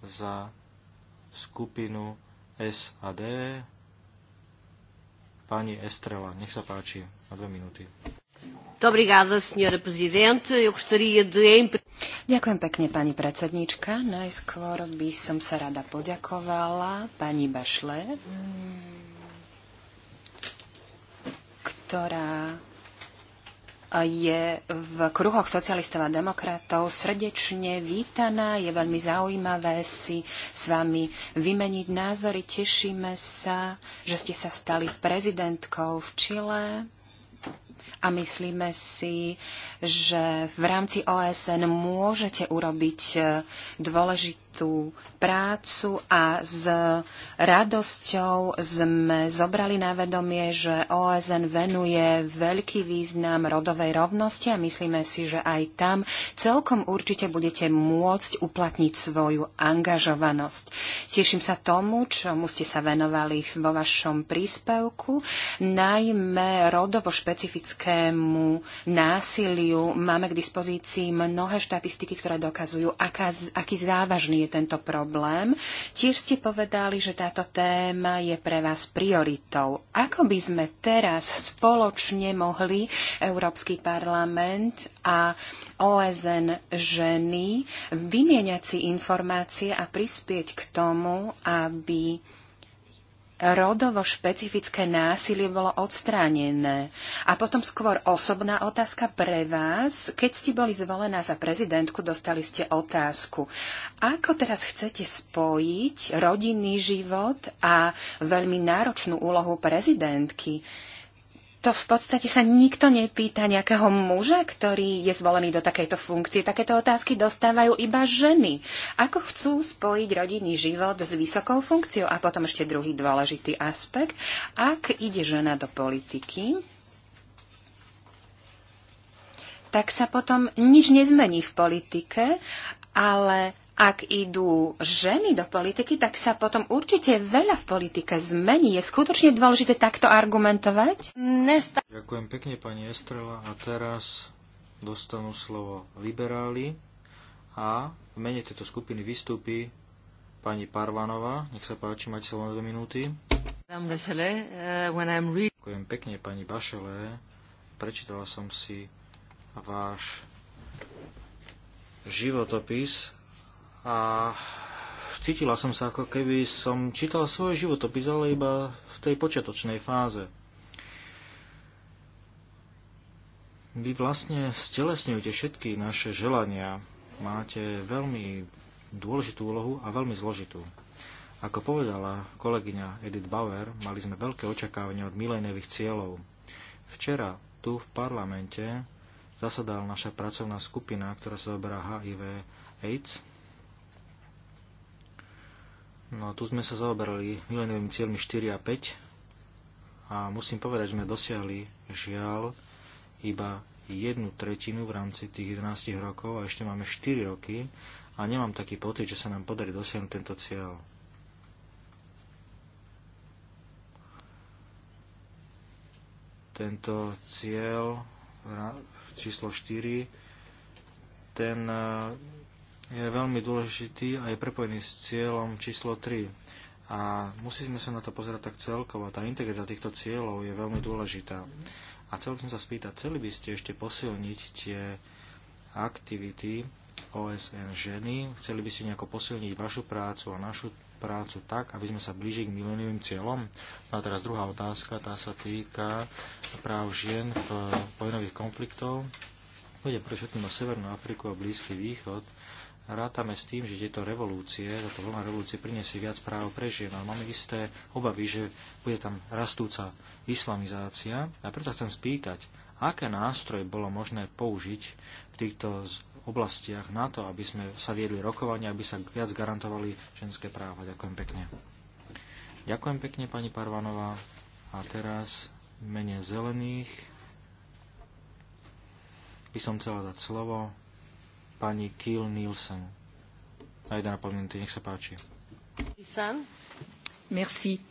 za skupinu SAD pani Estrela. Nech sa páči, na dve minúty. Ďakujem pekne, pani predsednička. Najskôr by som sa rada poďakovala pani Bašle, ktorá je v kruhoch socialistov a demokratov srdečne vítaná. Je veľmi zaujímavé si s vami vymeniť názory. Tešíme sa, že ste sa stali prezidentkou v Čile a myslíme si, že v rámci OSN môžete urobiť eh, dôležitý tú prácu a s radosťou sme zobrali na vedomie, že OSN venuje veľký význam rodovej rovnosti a myslíme si, že aj tam celkom určite budete môcť uplatniť svoju angažovanosť. Teším sa tomu, čomu ste sa venovali vo vašom príspevku, najmä rodovo špecifickému násiliu. Máme k dispozícii mnohé štatistiky, ktoré dokazujú, aká, aký závažný je tento problém. Tiež ste povedali, že táto téma je pre vás prioritou. Ako by sme teraz spoločne mohli Európsky parlament a OSN ženy vymieňať si informácie a prispieť k tomu, aby rodovo špecifické násilie bolo odstránené. A potom skôr osobná otázka pre vás. Keď ste boli zvolená za prezidentku, dostali ste otázku. Ako teraz chcete spojiť rodinný život a veľmi náročnú úlohu prezidentky? to v podstate sa nikto nepýta nejakého muža, ktorý je zvolený do takejto funkcie. Takéto otázky dostávajú iba ženy. Ako chcú spojiť rodinný život s vysokou funkciou? A potom ešte druhý dôležitý aspekt. Ak ide žena do politiky, tak sa potom nič nezmení v politike, ale ak idú ženy do politiky, tak sa potom určite veľa v politike zmení. Je skutočne dôležité takto argumentovať? Nesta- Ďakujem pekne, pani Estrela. A teraz dostanú slovo liberáli a v mene tejto skupiny vystúpi pani Parvanová. Nech sa páči, máte slovo na dve minúty. Uh, Ďakujem pekne, pani Bašele. Prečítala som si váš životopis a cítila som sa, ako keby som čítal svoj životopis, ale iba v tej počiatočnej fáze. Vy vlastne stelesňujete všetky naše želania. Máte veľmi dôležitú úlohu a veľmi zložitú. Ako povedala kolegyňa Edith Bauer, mali sme veľké očakávania od miléniových cieľov. Včera tu v parlamente zasadala naša pracovná skupina, ktorá sa zaoberá HIV AIDS No tu sme sa zaoberali mileniovými cieľmi 4 a 5 a musím povedať, že sme dosiahli žiaľ iba jednu tretinu v rámci tých 11 rokov a ešte máme 4 roky a nemám taký pocit, že sa nám podarí dosiahnuť tento cieľ. Tento cieľ číslo 4 ten je veľmi dôležitý a je prepojený s cieľom číslo 3. A musíme sa na to pozerať tak celkovo. Tá integrita týchto cieľov je veľmi dôležitá. A chcel som sa spýtať, chceli by ste ešte posilniť tie aktivity OSN ženy? Chceli by ste nejako posilniť vašu prácu a našu prácu tak, aby sme sa blížili k milenovým cieľom? No a teraz druhá otázka, tá sa týka práv žien v vojnových konfliktov. Pôjde pre všetkým o Severnú Afriku a Blízky východ rátame s tým, že tieto revolúcie, táto vlna revolúcie priniesie viac práv pre žien, ale máme isté obavy, že bude tam rastúca islamizácia. A preto chcem spýtať, aké nástroje bolo možné použiť v týchto oblastiach na to, aby sme sa viedli rokovania, aby sa viac garantovali ženské práva. Ďakujem pekne. Ďakujem pekne, pani Parvanová. A teraz mene zelených by som chcela dať slovo pani Kiel Nielsen. Na 1,5 minúty, nech sa páči. Merci.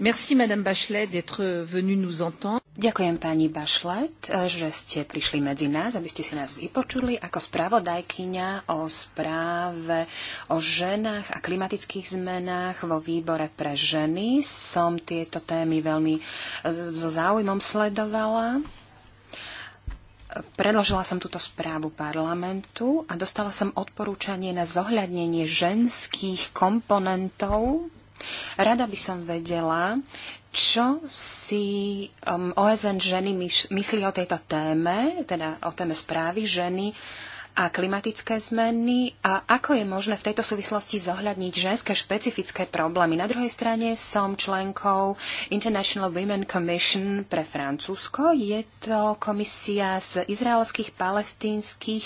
Merci, Madame Bachelet, d'être venue nous entendre. Ďakujem pani Bašlet, že ste prišli medzi nás, aby ste si nás vypočuli ako spravodajkyňa o správe o ženách a klimatických zmenách vo výbore pre ženy. Som tieto témy veľmi so záujmom sledovala Predložila som túto správu parlamentu a dostala som odporúčanie na zohľadnenie ženských komponentov. Rada by som vedela, čo si um, OSN ženy myslí o tejto téme, teda o téme správy ženy a klimatické zmeny a ako je možné v tejto súvislosti zohľadniť ženské špecifické problémy. Na druhej strane som členkou International Women Commission pre Francúzsko. Je to komisia z izraelských, palestínskych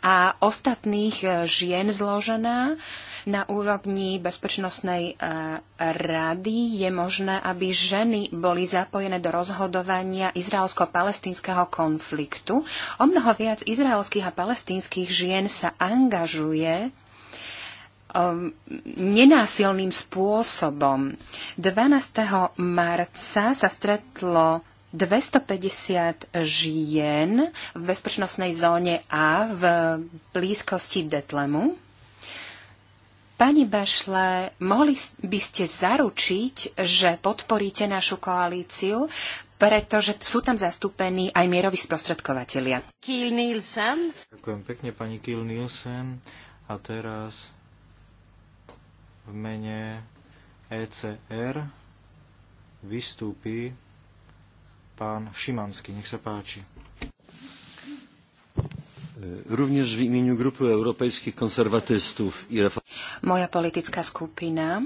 a ostatných eh, žien zložená na úrovni Bezpečnostnej eh, rady je možné, aby ženy boli zapojené do rozhodovania izraelsko-palestínskeho konfliktu. O mnoho viac izraelských a palestínskych palestínskych žien sa angažuje um, nenásilným spôsobom. 12. marca sa stretlo 250 žien v bezpečnostnej zóne A v blízkosti Detlemu. Pani Bašle, mohli by ste zaručiť, že podporíte našu koalíciu, pretože sú tam zastúpení aj mieroví sprostredkovateľia. Kiel Nielsen. Ďakujem pekne, pani Kiel Nielsen. A teraz v mene ECR vystúpi pán Šimanský. Nech sa páči. Również w imieniu Grupy Europejskich Konserwatystów i Reform... Moja politická skupina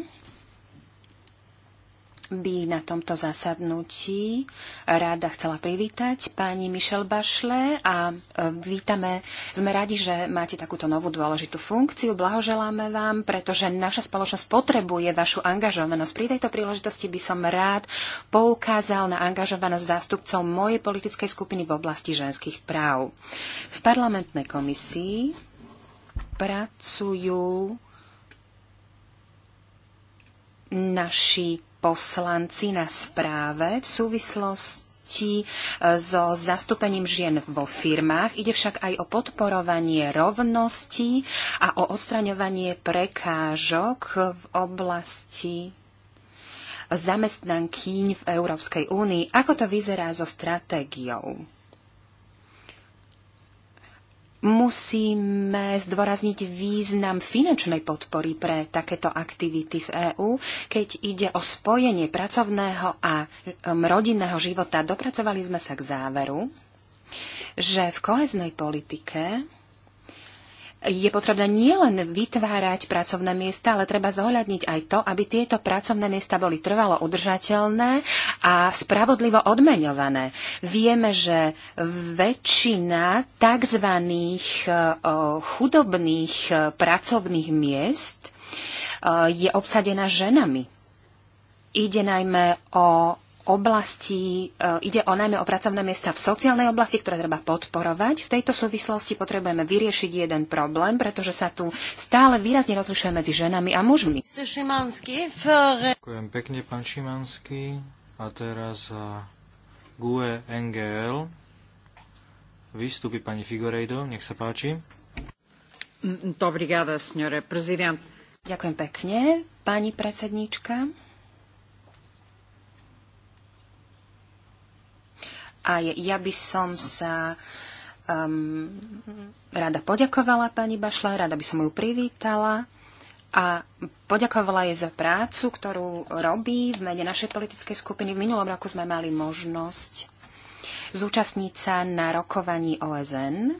by na tomto zasadnutí rada chcela privítať pani Michelle Bašle a e, vítame, sme radi, že máte takúto novú dôležitú funkciu. Blahoželáme vám, pretože naša spoločnosť potrebuje vašu angažovanosť. Pri tejto príležitosti by som rád poukázal na angažovanosť zástupcov mojej politickej skupiny v oblasti ženských práv. V parlamentnej komisii pracujú naši poslanci na správe v súvislosti e, so zastúpením žien vo firmách. Ide však aj o podporovanie rovnosti a o odstraňovanie prekážok v oblasti zamestnankyň v Európskej únii. Ako to vyzerá so stratégiou? musíme zdôrazniť význam finančnej podpory pre takéto aktivity v EÚ, keď ide o spojenie pracovného a rodinného života. Dopracovali sme sa k záveru, že v koheznej politike je potrebné nielen vytvárať pracovné miesta, ale treba zohľadniť aj to, aby tieto pracovné miesta boli trvalo udržateľné a spravodlivo odmeňované. Vieme, že väčšina tzv. E, chudobných e, pracovných miest e, je obsadená ženami. Ide najmä o oblasti, e, ide o najmä o pracovné miesta v sociálnej oblasti, ktoré treba podporovať. V tejto súvislosti potrebujeme vyriešiť jeden problém, pretože sa tu stále výrazne rozlišuje medzi ženami a mužmi. Ďakujem pekne, pán Šimanský. A teraz GUE NGL. Vystúpi pani Figurejdo, nech sa páči. Mm, Dobrigada, senore prezident. Ďakujem pekne, pani predsedníčka. Aj ja by som sa um, rada poďakovala pani Bašle, rada by som ju privítala a poďakovala jej za prácu, ktorú robí v mene našej politickej skupiny. V minulom roku sme mali možnosť zúčastniť sa na rokovaní OSN,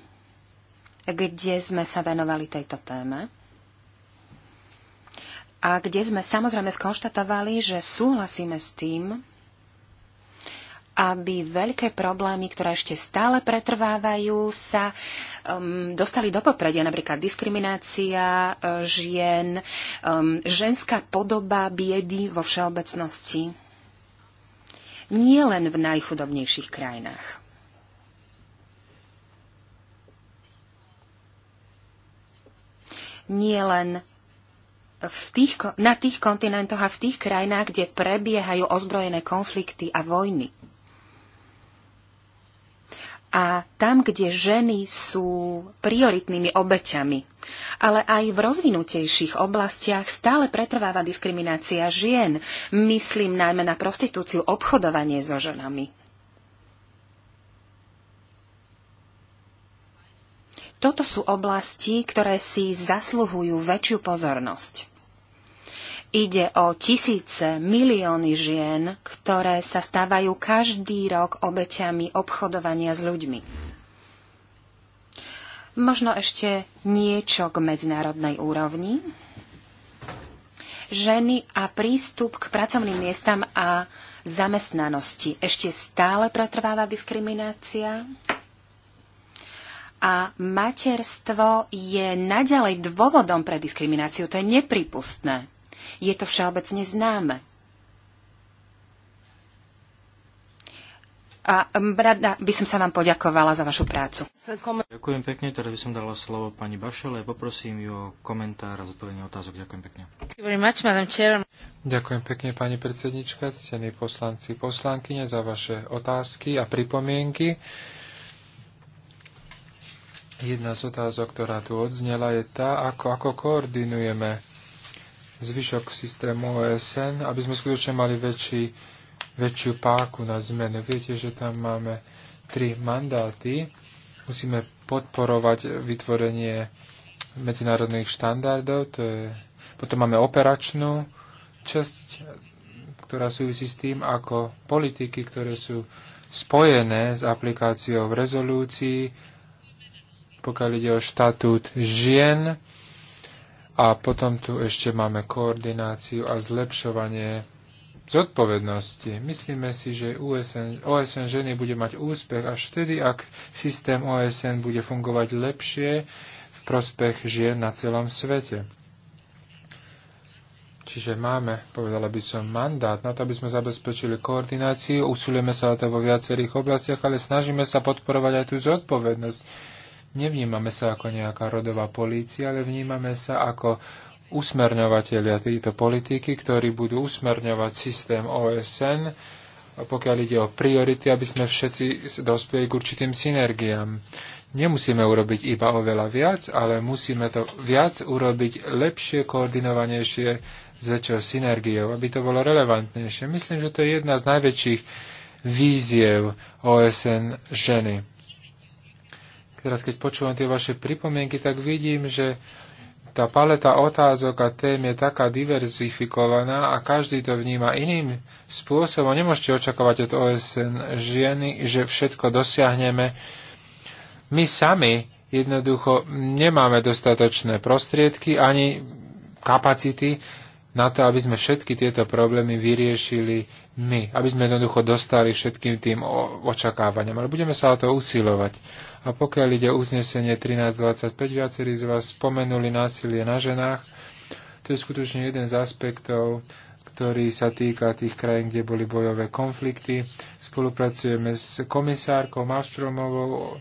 kde sme sa venovali tejto téme a kde sme samozrejme skonštatovali, že súhlasíme s tým, aby veľké problémy, ktoré ešte stále pretrvávajú, sa um, dostali do popredia, napríklad diskriminácia uh, žien, um, ženská podoba biedy vo všeobecnosti. Nie len v najchudobnejších krajinách. Nie len v tých, na tých kontinentoch a v tých krajinách, kde prebiehajú ozbrojené konflikty a vojny a tam, kde ženy sú prioritnými obeťami. Ale aj v rozvinutejších oblastiach stále pretrváva diskriminácia žien. Myslím najmä na prostitúciu, obchodovanie so ženami. Toto sú oblasti, ktoré si zasluhujú väčšiu pozornosť. Ide o tisíce, milióny žien, ktoré sa stávajú každý rok obeťami obchodovania s ľuďmi. Možno ešte niečo k medzinárodnej úrovni. Ženy a prístup k pracovným miestam a zamestnanosti. Ešte stále pretrváva diskriminácia a materstvo je naďalej dôvodom pre diskrimináciu. To je nepripustné. Je to všeobecne známe. A rada by som sa vám poďakovala za vašu prácu. Ďakujem pekne, teraz by som dala slovo pani Bašele. Poprosím ju o komentár a zodpovedenie otázok. Ďakujem pekne. Ďakujem pekne, pani predsednička, ctení poslanci, poslankyne, za vaše otázky a pripomienky. Jedna z otázok, ktorá tu odznela, je tá, ako, ako koordinujeme zvyšok systému OSN, aby sme skutočne mali väčší, väčšiu páku na zmenu. Viete, že tam máme tri mandáty. Musíme podporovať vytvorenie medzinárodných štandardov, to je, potom máme operačnú časť, ktorá súvisí s tým, ako politiky, ktoré sú spojené s aplikáciou rezolúcií, pokiaľ ide o štatút žien, a potom tu ešte máme koordináciu a zlepšovanie zodpovednosti. Myslíme si, že USN, OSN ženy bude mať úspech až vtedy, ak systém OSN bude fungovať lepšie v prospech žien na celom svete. Čiže máme, povedala by som, mandát na to, aby sme zabezpečili koordináciu, usilujeme sa o to vo viacerých oblastiach, ale snažíme sa podporovať aj tú zodpovednosť Nevnímame sa ako nejaká rodová polícia, ale vnímame sa ako usmerňovateľia tejto politiky, ktorí budú usmerňovať systém OSN, pokiaľ ide o priority, aby sme všetci dospeli k určitým synergiám. Nemusíme urobiť iba oveľa viac, ale musíme to viac urobiť lepšie, koordinovanejšie, s väčšou synergiou, aby to bolo relevantnejšie. Myslím, že to je jedna z najväčších víziev OSN ženy. Teraz, keď počúvam tie vaše pripomienky, tak vidím, že tá paleta otázok a tém je taká diverzifikovaná a každý to vníma iným spôsobom. Nemôžete očakávať od OSN žieny, že všetko dosiahneme. My sami jednoducho nemáme dostatočné prostriedky ani kapacity na to, aby sme všetky tieto problémy vyriešili my, aby sme jednoducho dostali všetkým tým očakávaniam. Ale budeme sa o to usilovať. A pokiaľ ide o uznesenie 1325, viacerí z vás spomenuli násilie na ženách. To je skutočne jeden z aspektov, ktorý sa týka tých krajín, kde boli bojové konflikty. Spolupracujeme s komisárkou Malstromovou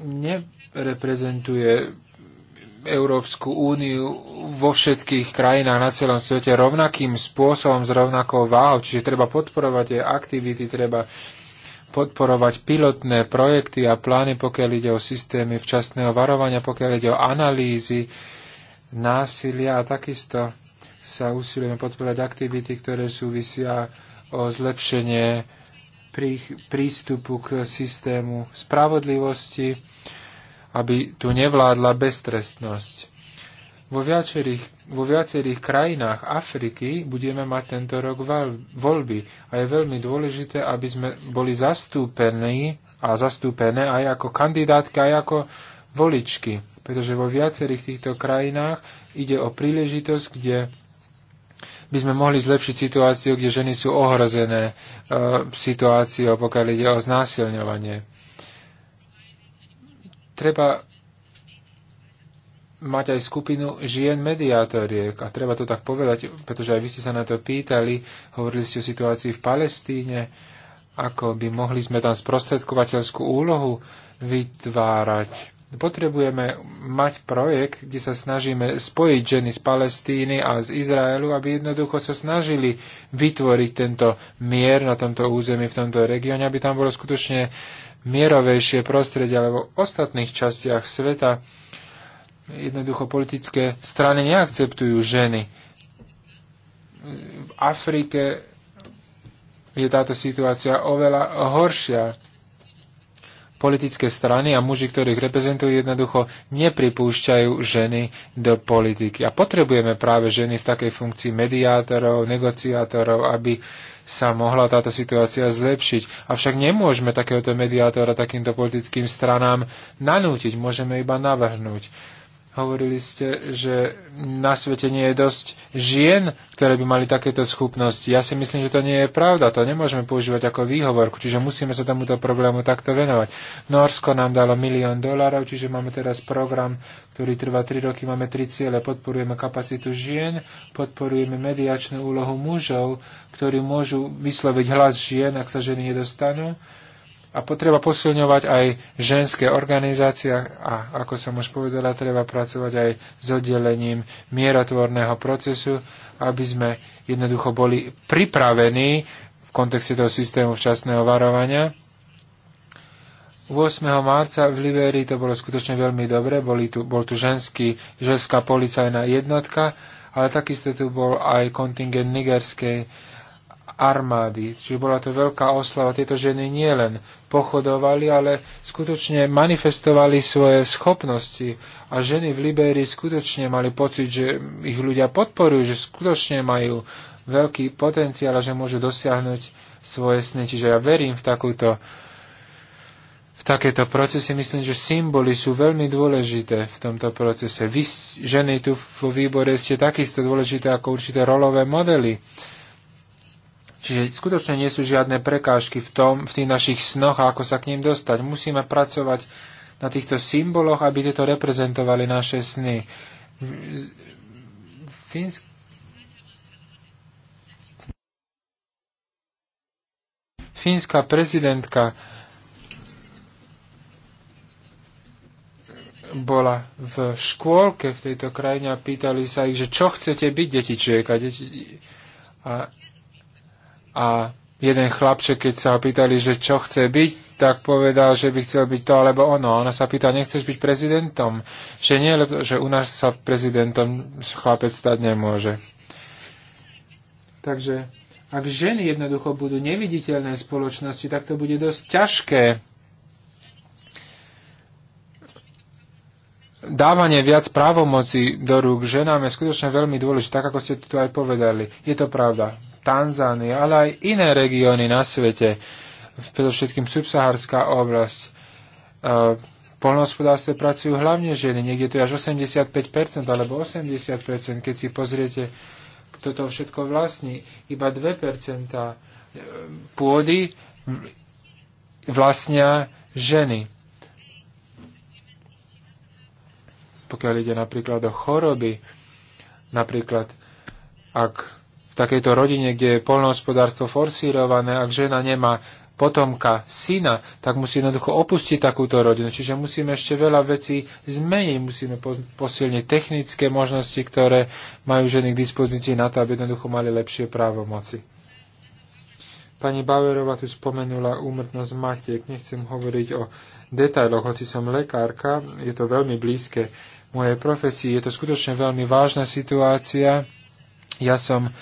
nereprezentuje Európsku úniu vo všetkých krajinách na celom svete rovnakým spôsobom, s rovnakou váhou. Čiže treba podporovať tie aktivity, treba podporovať pilotné projekty a plány, pokiaľ ide o systémy včasného varovania, pokiaľ ide o analýzy násilia a takisto sa usilujeme podporovať aktivity, ktoré súvisia o zlepšenie prístupu k systému spravodlivosti aby tu nevládla beztrestnosť. Vo viacerých, vo viacerých krajinách Afriky budeme mať tento rok voľby a je veľmi dôležité, aby sme boli zastúpení a zastúpené aj ako kandidátky, aj ako voličky, pretože vo viacerých týchto krajinách ide o príležitosť, kde by sme mohli zlepšiť situáciu, kde ženy sú ohrozené e, situáciou, pokiaľ ide o znásilňovanie treba mať aj skupinu žien mediátoriek. A treba to tak povedať, pretože aj vy ste sa na to pýtali, hovorili ste o situácii v Palestíne, ako by mohli sme tam sprostredkovateľskú úlohu vytvárať potrebujeme mať projekt, kde sa snažíme spojiť ženy z Palestíny a z Izraelu, aby jednoducho sa snažili vytvoriť tento mier na tomto území, v tomto regióne, aby tam bolo skutočne mierovejšie prostredie, alebo v ostatných častiach sveta jednoducho politické strany neakceptujú ženy. V Afrike je táto situácia oveľa horšia politické strany a muži, ktorých reprezentujú, jednoducho nepripúšťajú ženy do politiky. A potrebujeme práve ženy v takej funkcii mediátorov, negociátorov, aby sa mohla táto situácia zlepšiť. Avšak nemôžeme takéhoto mediátora takýmto politickým stranám nanútiť, môžeme iba navrhnúť. Hovorili ste, že na svete nie je dosť žien, ktoré by mali takéto schopnosti. Ja si myslím, že to nie je pravda. To nemôžeme používať ako výhovorku, čiže musíme sa tomuto problému takto venovať. Norsko nám dalo milión dolárov, čiže máme teraz program, ktorý trvá 3 roky, máme tri ciele. Podporujeme kapacitu žien, podporujeme mediačnú úlohu mužov, ktorí môžu vysloviť hlas žien, ak sa ženy nedostanú a potreba posilňovať aj ženské organizácie a, ako som už povedala, treba pracovať aj s oddelením mierotvorného procesu, aby sme jednoducho boli pripravení v kontexte toho systému včasného varovania. 8. marca v Liberii to bolo skutočne veľmi dobre, boli tu, bol tu ženský, ženská policajná jednotka, ale takisto tu bol aj kontingent nigerskej armády. Čiže bola to veľká oslava. Tieto ženy nielen pochodovali, ale skutočne manifestovali svoje schopnosti. A ženy v Libérii skutočne mali pocit, že ich ľudia podporujú, že skutočne majú veľký potenciál a že môžu dosiahnuť svoje sny. Čiže ja verím v takúto v takéto procese myslím, že symboly sú veľmi dôležité v tomto procese. Vy, ženy tu vo výbore, ste takisto dôležité ako určité rolové modely Čiže skutočne nie sú žiadne prekážky v, tom, v tých našich snoch, ako sa k ním dostať. Musíme pracovať na týchto symboloch, aby tieto reprezentovali naše sny. Fínsk... Fínska prezidentka bola v škôlke v tejto krajine a pýtali sa ich, že čo chcete byť, detičiek. A, deti... a a jeden chlapček, keď sa ho pýtali, že čo chce byť, tak povedal, že by chcel byť to alebo ono. Ona sa pýta, nechceš byť prezidentom? Že nie, lebo že u nás sa prezidentom chlapec stať nemôže. Takže ak ženy jednoducho budú neviditeľné v spoločnosti, tak to bude dosť ťažké dávanie viac právomoci do rúk ženám je skutočne veľmi dôležité, tak ako ste to tu aj povedali. Je to pravda. Tanzánii, ale aj iné regióny na svete, predovšetkým subsahárska oblasť. V e, polnohospodárstve pracujú hlavne ženy, niekde to je až 85% alebo 80%, keď si pozriete, kto to všetko vlastní. Iba 2% e, pôdy vlastnia ženy. Pokiaľ ide napríklad o choroby, napríklad ak v takejto rodine, kde je polnohospodárstvo forsírované, ak žena nemá potomka, syna, tak musí jednoducho opustiť takúto rodinu. Čiže musíme ešte veľa vecí zmeniť. Musíme posilniť technické možnosti, ktoré majú ženy k dispozícii na to, aby jednoducho mali lepšie právomoci. Pani Bauerová tu spomenula úmrtnosť matiek. Nechcem hovoriť o detailoch, hoci som lekárka, je to veľmi blízke mojej profesii. Je to skutočne veľmi vážna situácia. Ja som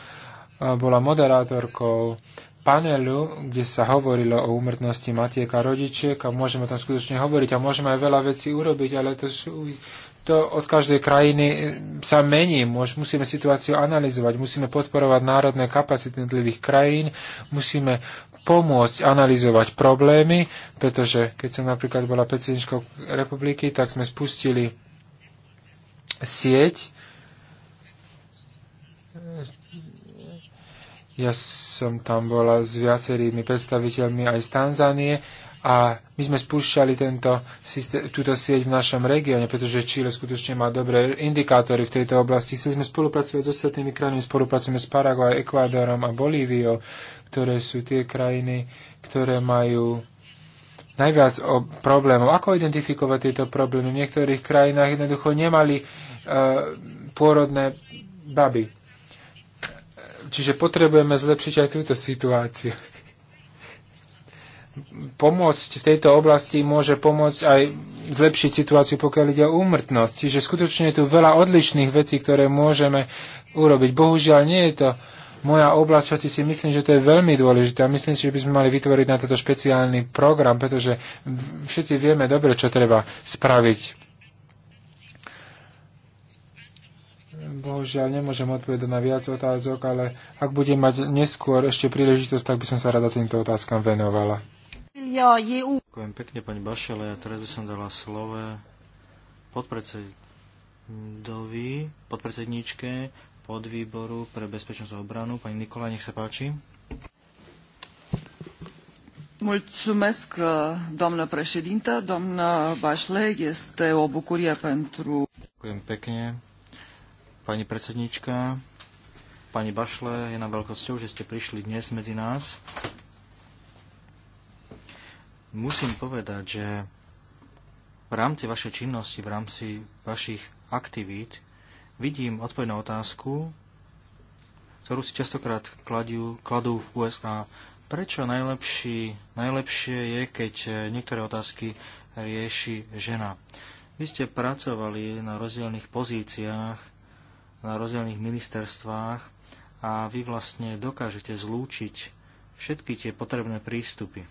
bola moderátorkou panelu, kde sa hovorilo o úmrtnosti matiek a rodičiek a môžeme tam skutočne hovoriť a môžeme aj veľa vecí urobiť, ale to sú to od každej krajiny eh, sa mení. Môž, musíme situáciu analyzovať, musíme podporovať národné kapacity jednotlivých krajín, musíme pomôcť analyzovať problémy, pretože keď som napríklad bola predsedničkou republiky, tak sme spustili sieť Ja som tam bola s viacerými predstaviteľmi aj z Tanzánie a my sme spúšťali tento, túto sieť v našom regióne, pretože Číle skutočne má dobré indikátory v tejto oblasti. Chceli sme spolupracovať s ostatnými krajinami, spolupracujeme s Paraguay, Ekvádorom a Bolíviou, ktoré sú tie krajiny, ktoré majú najviac o problémov. Ako identifikovať tieto problémy? V niektorých krajinách jednoducho nemali uh, pôrodné baby. Čiže potrebujeme zlepšiť aj túto situáciu. Pomôcť v tejto oblasti môže pomôcť aj zlepšiť situáciu, pokiaľ ide o úmrtnosť. Čiže skutočne je tu veľa odlišných vecí, ktoré môžeme urobiť. Bohužiaľ nie je to moja oblasť, hoci si myslím, že to je veľmi dôležité a myslím si, že by sme mali vytvoriť na toto špeciálny program, pretože všetci vieme dobre, čo treba spraviť bohužiaľ nemôžem odpovedať na viac otázok, ale ak budem mať neskôr ešte príležitosť, tak by som sa rada týmto otázkam venovala. Ďakujem pekne, pani Bašele. Ja teraz by som dala slove podpredsedovi, podpredsedničke podvýboru pre bezpečnosť a obranu. Pani Nikola, nech sa páči. Mulțumesc, doamnă președintă, doamnă Bașle, este o bucurie pentru... Ďakujem pekne, Pani predsednička, pani Bašle, je nám veľkosťou, že ste prišli dnes medzi nás. Musím povedať, že v rámci vašej činnosti, v rámci vašich aktivít vidím odpoveď na otázku, ktorú si častokrát kladú, kladú v USA. Prečo najlepší, najlepšie je, keď niektoré otázky rieši žena? Vy ste pracovali na rozdielných pozíciách na rozdielných ministerstvách a vy vlastne dokážete zlúčiť všetky tie potrebné prístupy.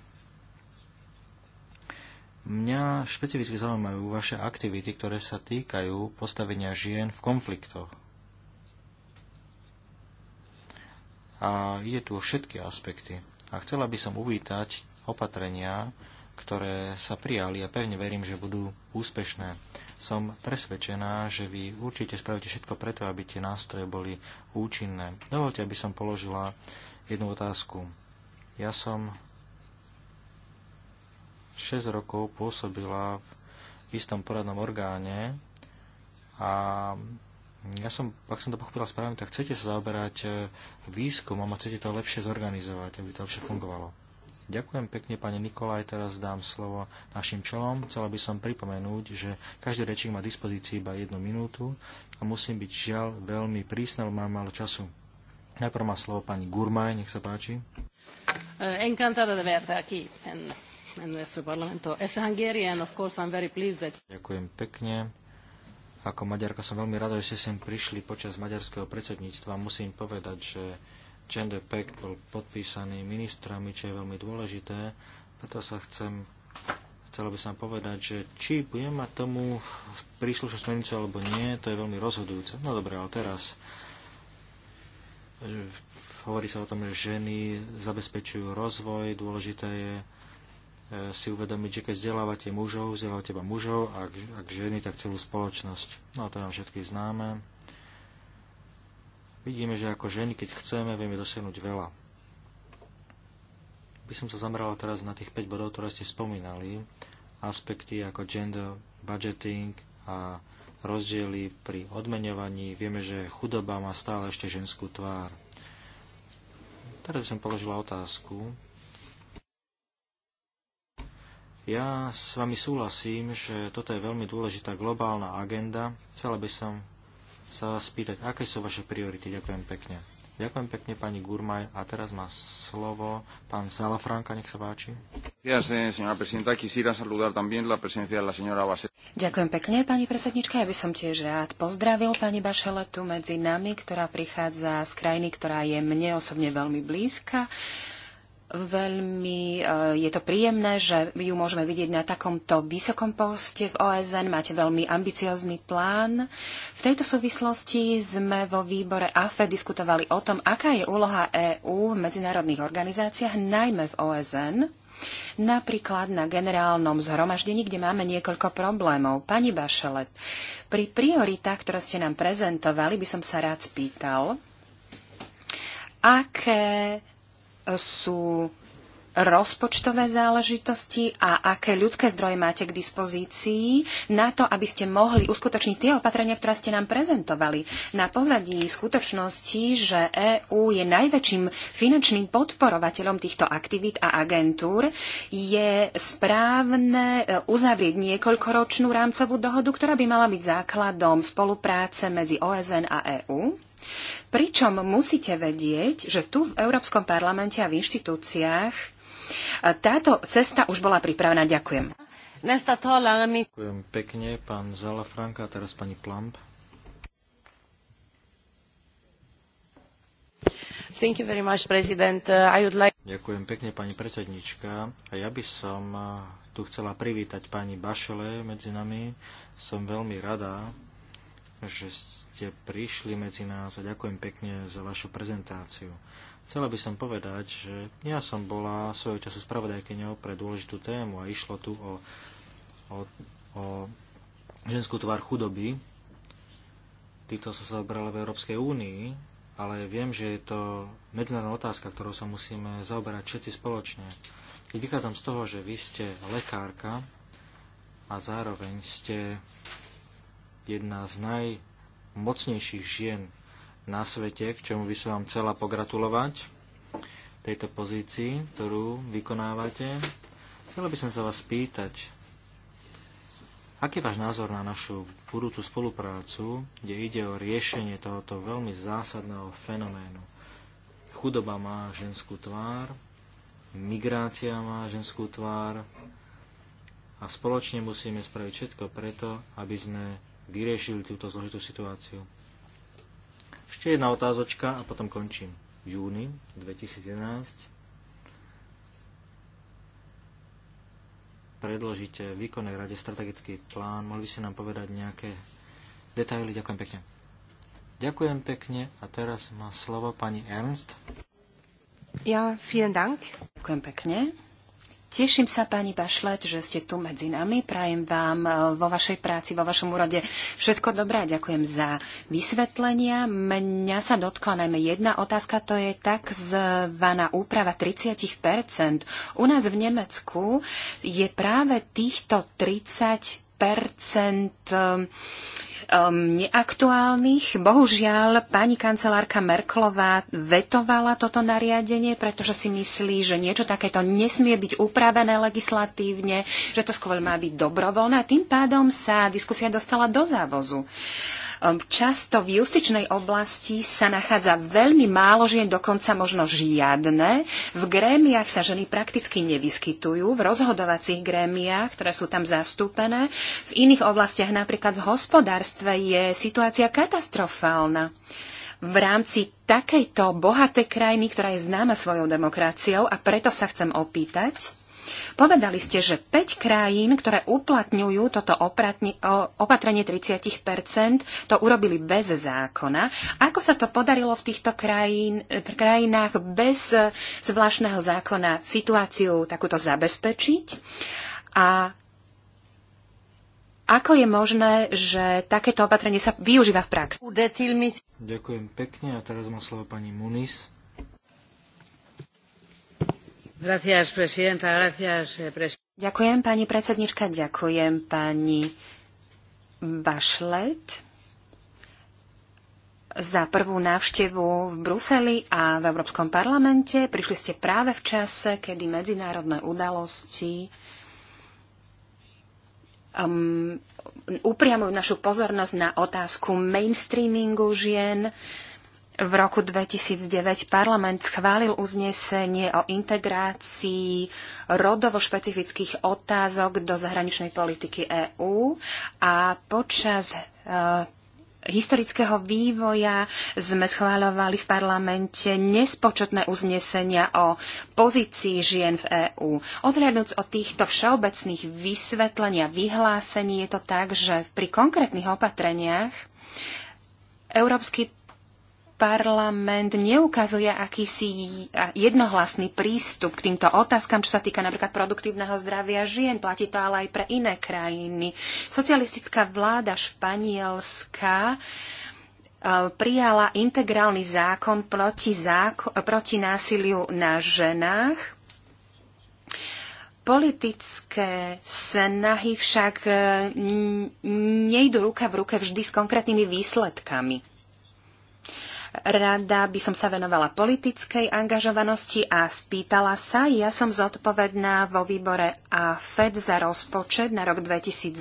Mňa špecificky zaujímajú vaše aktivity, ktoré sa týkajú postavenia žien v konfliktoch. A ide tu o všetky aspekty. A chcela by som uvítať opatrenia, ktoré sa prijali a pevne verím, že budú úspešné. Som presvedčená, že vy určite spravíte všetko preto, aby tie nástroje boli účinné. Dovolte, aby som položila jednu otázku. Ja som 6 rokov pôsobila v istom poradnom orgáne a ja som, ak som to pochopila správne, tak chcete sa zaoberať eh, výskumom a chcete to lepšie zorganizovať, aby to lepšie fungovalo. Ďakujem pekne, pani Nikolaj. Teraz dám slovo našim členom. Chcela by som pripomenúť, že každý rečník má dispozícii iba jednu minútu a musím byť žiaľ veľmi prísna, lebo mám malo času. Najprv má slovo pani Gurmaj, nech sa páči. Eh, encantada de verte aquí en, en nuestro parlamento. Es and of course, I'm very pleased that... Ďakujem pekne. Ako Maďarka som veľmi rada, že ste sem prišli počas maďarského predsedníctva. Musím povedať, že Gender Pact bol podpísaný ministrami, čo je veľmi dôležité. Preto sa chcem, chcelo by som povedať, že či budem mať tomu príslušnú smernicu alebo nie, to je veľmi rozhodujúce. No dobre, ale teraz hovorí sa o tom, že ženy zabezpečujú rozvoj, dôležité je e, si uvedomiť, že keď vzdelávate mužov, vzdelávate iba mužov, a ak, ak ženy, tak celú spoločnosť. No to je vám všetky známe. Vidíme, že ako ženy, keď chceme, vieme dosiahnuť veľa. By som sa zamerala teraz na tých 5 bodov, ktoré ste spomínali. Aspekty ako gender, budgeting a rozdiely pri odmeňovaní. Vieme, že chudoba má stále ešte ženskú tvár. Teraz by som položila otázku. Ja s vami súhlasím, že toto je veľmi dôležitá globálna agenda. Chcela by som sa vás spýtať, aké sú vaše priority. Ďakujem pekne. Ďakujem pekne pani Gurmaj a teraz má slovo pán Salafranka, nech sa páči. Eh, Ďakujem pekne, pani predsednička. Ja by som tiež rád pozdravil pani Bašeletu medzi nami, ktorá prichádza z krajiny, ktorá je mne osobne veľmi blízka. Veľmi eh, je to príjemné, že ju môžeme vidieť na takomto vysokom poste v OSN. Máte veľmi ambiciozný plán. V tejto súvislosti sme vo výbore AFE diskutovali o tom, aká je úloha EÚ v medzinárodných organizáciách, najmä v OSN. Napríklad na generálnom zhromaždení, kde máme niekoľko problémov. Pani Bašelet, pri prioritách, ktoré ste nám prezentovali, by som sa rád spýtal, aké sú rozpočtové záležitosti a aké ľudské zdroje máte k dispozícii na to, aby ste mohli uskutočniť tie opatrenia, ktoré ste nám prezentovali. Na pozadí skutočnosti, že EÚ je najväčším finančným podporovateľom týchto aktivít a agentúr, je správne e, uzavrieť niekoľkoročnú rámcovú dohodu, ktorá by mala byť základom spolupráce medzi OSN a EÚ Pričom musíte vedieť, že tu v Európskom parlamente a v inštitúciách e, táto cesta už bola pripravená. Ďakujem. Ďakujem pekne, pán Zalafranka a teraz pani Plamp. Much, uh, like... Ďakujem pekne, pani predsednička. A ja by som uh, tu chcela privítať pani Bašele medzi nami. Som veľmi rada, že ste prišli medzi nás a ďakujem pekne za vašu prezentáciu. Chcela by som povedať, že ja som bola svojho času spravodajkyňou pre dôležitú tému a išlo tu o, o, o ženskú tvár chudoby. Týto som sa zaoberala v Európskej únii, ale viem, že je to medzinárodná otázka, ktorou sa musíme zaoberať všetci spoločne. Keď vychádzam z toho, že vy ste lekárka a zároveň ste jedna z najmocnejších žien na svete, k čomu by som vám chcela pogratulovať tejto pozícii, ktorú vykonávate. Chcela by som sa vás spýtať, aký je váš názor na našu budúcu spoluprácu, kde ide o riešenie tohoto veľmi zásadného fenoménu. Chudoba má ženskú tvár, migrácia má ženskú tvár a spoločne musíme spraviť všetko preto, aby sme vyriešili túto zložitú situáciu. Ešte jedna otázočka a potom končím. V júni 2011 predložíte výkonnej rade strategický plán. Mohli by ste nám povedať nejaké detaily? Ďakujem pekne. Ďakujem pekne a teraz má slovo pani Ernst. Ja, vielen Dank. Ďakujem pekne. Teším sa, pani Bašlet, že ste tu medzi nami. Prajem vám e, vo vašej práci, vo vašom úrode všetko dobré. Ďakujem za vysvetlenia. Mňa sa dotkla najmä jedna otázka, to je takzvaná úprava 30 U nás v Nemecku je práve týchto 30 percent um, um, neaktuálnych. Bohužiaľ, pani kancelárka Merklová vetovala toto nariadenie, pretože si myslí, že niečo takéto nesmie byť upravené legislatívne, že to skôr má byť dobrovoľné a tým pádom sa diskusia dostala do závozu. Ehm, často v justičnej oblasti sa nachádza veľmi málo žien, dokonca možno žiadne. V grémiách sa ženy prakticky nevyskytujú, v rozhodovacích grémiách, ktoré sú tam zastúpené. V iných oblastiach, napríklad v hospodárstve, je situácia katastrofálna v rámci takejto bohatej krajiny, ktorá je známa svojou demokraciou a preto sa chcem opýtať, Povedali ste, že 5 krajín, ktoré uplatňujú toto opatrenie 30 to urobili bez zákona. Ako sa to podarilo v týchto krajín, krajinách bez e, zvláštneho zákona situáciu takúto zabezpečiť? A ako je možné, že takéto opatrenie sa využíva v praxi? Ďakujem pekne a teraz má slovo pani Munis. Eh, ďakujem, pani predsednička. Ďakujem, pani Bašlet za prvú návštevu v Bruseli a v Európskom parlamente. Prišli ste práve v čase, kedy medzinárodné udalosti um, upriamujú našu pozornosť na otázku mainstreamingu žien. Uh, v roku 2009 parlament schválil uznesenie o integrácii rodovo špecifických otázok do zahraničnej politiky EÚ a počas e, historického vývoja sme schváľovali v parlamente nespočetné uznesenia o pozícii žien v EÚ. Odhľadnúc od týchto všeobecných vysvetlení a vyhlásení je to tak, že pri konkrétnych opatreniach Európsky parlament neukazuje akýsi jednohlasný prístup k týmto otázkam, čo sa týka napríklad produktívneho zdravia žien. Platí to ale aj pre iné krajiny. Socialistická vláda Španielska e, prijala integrálny zákon proti, záko- proti násiliu na ženách. Politické snahy však e, nejdú ruka v ruke vždy s konkrétnymi výsledkami. Rada by som sa venovala politickej angažovanosti a spýtala sa, ja som zodpovedná vo výbore AFED za rozpočet na rok 2012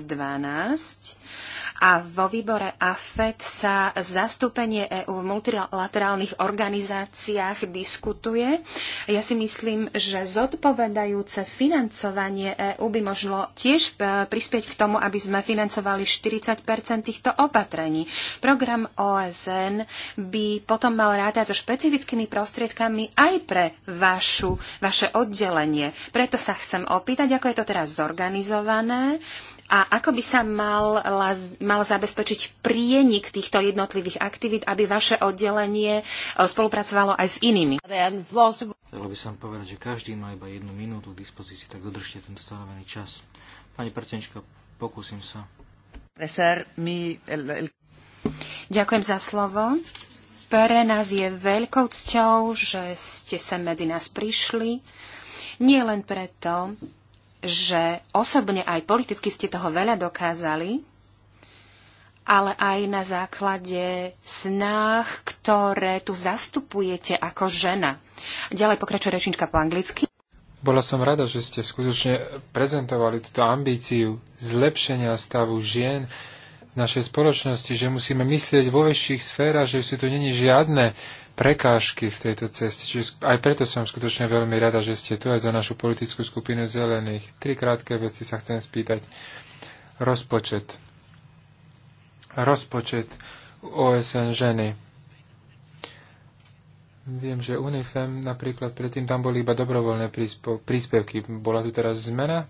a vo výbore AFED sa zastúpenie EÚ v multilaterálnych organizáciách diskutuje. Ja si myslím, že zodpovedajúce financovanie EÚ by možno tiež e, prispieť k tomu, aby sme financovali 40 týchto opatrení. Program OSN by potom mal rátať so špecifickými prostriedkami aj pre vašu, vaše oddelenie. Preto sa chcem opýtať, ako je to teraz zorganizované, a ako by sa mal, mal zabezpečiť prienik týchto jednotlivých aktivít, aby vaše oddelenie e, spolupracovalo aj s inými. Chcela by som povedať, že každý má iba jednu minútu k dispozícii, tak dodržte ten stanovený čas. Pani Prtenčka, pokúsim sa. Ďakujem za slovo. Pre nás je veľkou cťou, že ste sem medzi nás prišli. Nie len preto, že osobne aj politicky ste toho veľa dokázali, ale aj na základe snách, ktoré tu zastupujete ako žena. Ďalej pokračuje rečnička po anglicky. Bola som rada, že ste skutočne prezentovali túto ambíciu zlepšenia stavu žien v našej spoločnosti, že musíme myslieť vo väčších sférach, že sú tu není žiadne prekážky v tejto ceste. Čiže aj preto som skutočne veľmi rada, že ste tu aj za našu politickú skupinu zelených. Tri krátke veci sa chcem spýtať. Rozpočet. Rozpočet OSN ženy Viem, že UNIFEM napríklad predtým tam boli iba dobrovoľné príspevky. Bola tu teraz zmena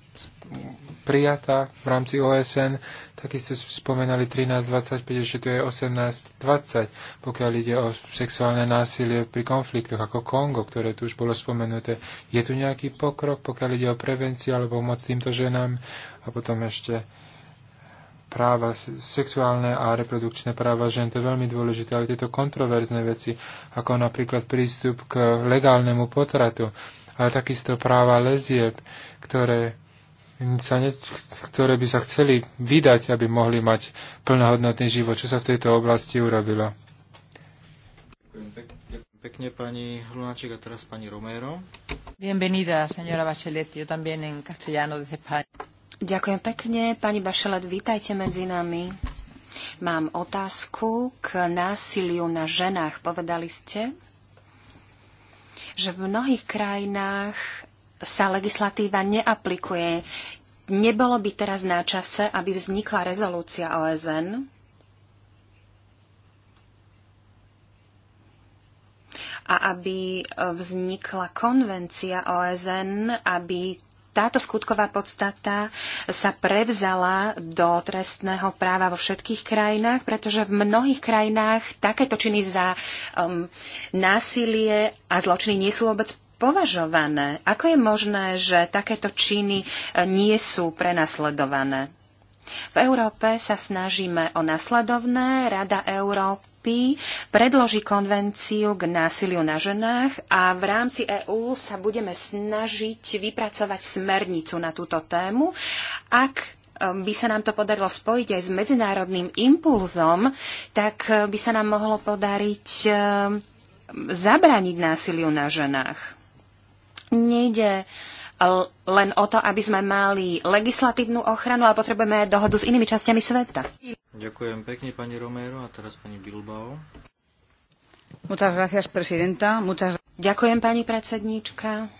prijatá v rámci OSN. Takisto spomenali 1325, že to je 1820, pokiaľ ide o sexuálne násilie pri konfliktoch ako Kongo, ktoré tu už bolo spomenuté. Je tu nejaký pokrok, pokiaľ ide o prevenciu alebo moc týmto ženám? A potom ešte práva, sexuálne a reprodukčné práva žen, to je veľmi dôležité, ale tieto kontroverzné veci, ako napríklad prístup k legálnemu potratu, ale takisto práva lezieb, ktoré, sa ne, ktoré by sa chceli vydať, aby mohli mať plnohodnotný život. Čo sa v tejto oblasti urobilo? Pekne pani Hlunáček a teraz pani Romero. Bienvenida, señora Bachelet, yo también en castellano desde España. Ďakujem pekne. Pani Bašelet, vítajte medzi nami. Mám otázku k násiliu na ženách. Povedali ste, že v mnohých krajinách sa legislatíva neaplikuje. Nebolo by teraz na čase, aby vznikla rezolúcia OSN? A aby vznikla konvencia OSN, aby táto skutková podstata sa prevzala do trestného práva vo všetkých krajinách, pretože v mnohých krajinách takéto činy za um, násilie a zločiny nie sú vôbec považované. Ako je možné, že takéto činy eh, nie sú prenasledované? V Európe sa snažíme o nasledovné. Rada Európy Európy predloží konvenciu k násiliu na ženách a v rámci EÚ sa budeme snažiť vypracovať smernicu na túto tému. Ak eh, by sa nám to podarilo spojiť aj s medzinárodným impulzom, tak eh, by sa nám mohlo podariť eh, zabrániť násiliu na ženách. Nejde len o to, aby sme mali legislatívnu ochranu, ale potrebujeme dohodu s inými častiami sveta. Ďakujem pekne, pani Romero, a teraz pani Bilbao. Muchas gracias, presidenta. Muchas... Ďakujem, pani predsedníčka.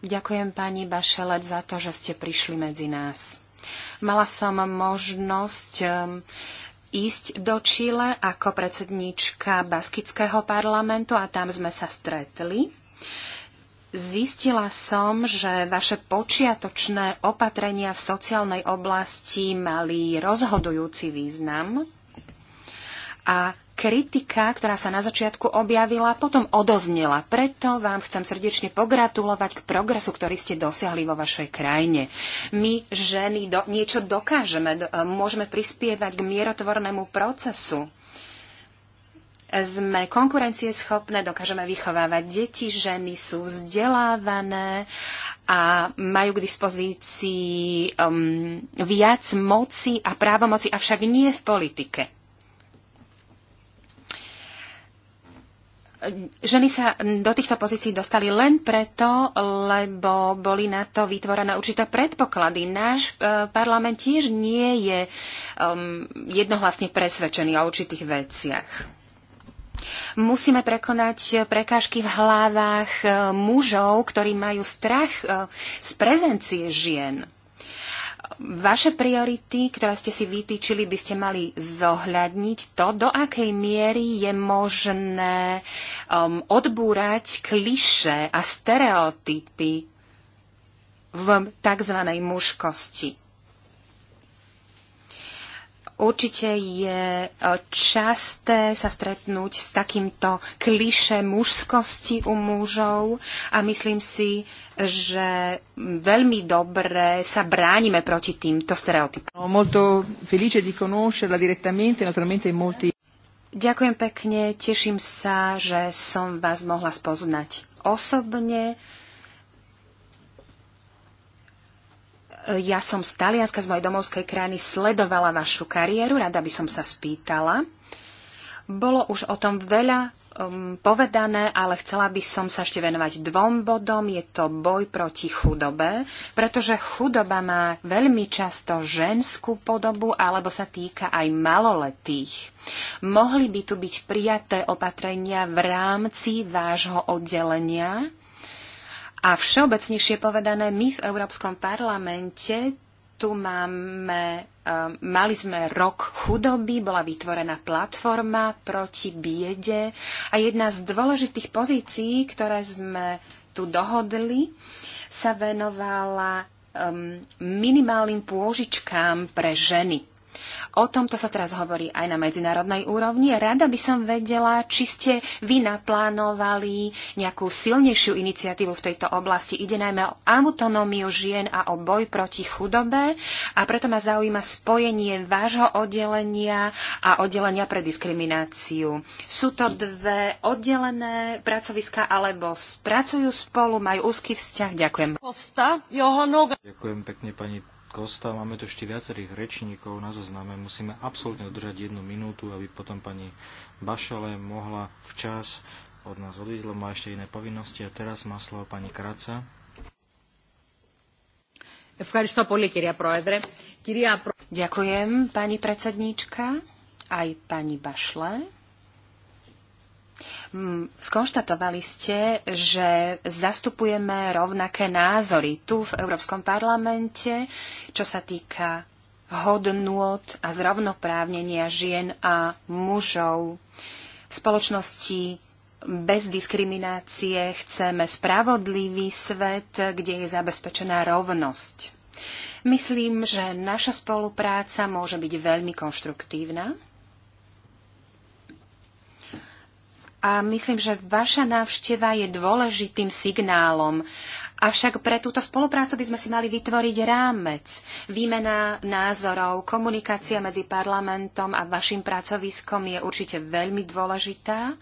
Ďakujem, pani Bašelet, za to, že ste prišli medzi nás. Mala som možnosť um, ísť do Čile ako predsedníčka Baskického parlamentu a tam sme sa stretli. Zistila som, že vaše počiatočné opatrenia v sociálnej oblasti mali rozhodujúci význam a kritika, ktorá sa na začiatku objavila, potom odoznela. Preto vám chcem srdečne pogratulovať k progresu, ktorý ste dosiahli vo vašej krajine. My, ženy, do, niečo dokážeme, do, môžeme prispievať k mierotvornému procesu sme konkurencieschopné, dokážeme vychovávať deti, ženy sú vzdelávané a majú k dispozícii um, viac moci a právomoci, avšak nie v politike. ženy sa do týchto pozícií dostali len preto, lebo boli na to vytvorené určité predpoklady. Náš e, parlament tiež nie je um, jednohlasne presvedčený o určitých veciach. Musíme prekonať eh, prekážky v hlavách eh, mužov, ktorí majú strach eh, z prezencie žien. Vaše priority, ktoré ste si vytýčili, by ste mali zohľadniť to, do akej miery je možné um, odbúrať kliše a stereotypy v tzv. mužkosti určite je e, časté sa stretnúť s takýmto kliše mužskosti u mužov a myslím si, že veľmi dobre sa bránime proti týmto stereotypom. Ďakujem pekne, teším sa, že som vás mohla spoznať osobne. Ja som z Talianska, z mojej domovskej krajiny, sledovala vašu kariéru, rada by som sa spýtala. Bolo už o tom veľa um, povedané, ale chcela by som sa ešte venovať dvom bodom. Je to boj proti chudobe, pretože chudoba má veľmi často ženskú podobu alebo sa týka aj maloletých. Mohli by tu byť prijaté opatrenia v rámci vášho oddelenia? A všeobecnejšie povedané, my v Európskom parlamente tu máme, um, mali sme rok chudoby, bola vytvorená platforma proti biede a jedna z dôležitých pozícií, ktoré sme tu dohodli, sa venovala um, minimálnym pôžičkám pre ženy. O tomto sa teraz hovorí aj na medzinárodnej úrovni. Rada by som vedela, či ste vy naplánovali nejakú silnejšiu iniciatívu v tejto oblasti. Ide najmä o autonómiu žien a o boj proti chudobe a preto ma zaujíma spojenie vášho oddelenia a oddelenia pre diskrimináciu. Sú to dve oddelené pracoviska alebo pracujú spolu, majú úzky vzťah? Ďakujem. Ďakujem pekne pani Kosta. Máme tu ešte viacerých rečníkov na zozname. Musíme absolútne udržať jednu minútu, aby potom pani Bašale mohla včas od nás odísť, lebo má ešte iné povinnosti. A teraz má slovo pani Kraca. Ďakujem, pani predsedníčka, aj pani Bašle. Mm, skonštatovali ste, že zastupujeme rovnaké názory tu v Európskom parlamente, čo sa týka hodnôt a zrovnoprávnenia žien a mužov. V spoločnosti bez diskriminácie chceme spravodlivý svet, kde je zabezpečená rovnosť. Myslím, že naša spolupráca môže byť veľmi konštruktívna a myslím, že vaša návšteva je dôležitým signálom. Avšak pre túto spoluprácu by sme si mali vytvoriť rámec. Výmena názorov, komunikácia medzi parlamentom a vašim pracoviskom je určite veľmi dôležitá.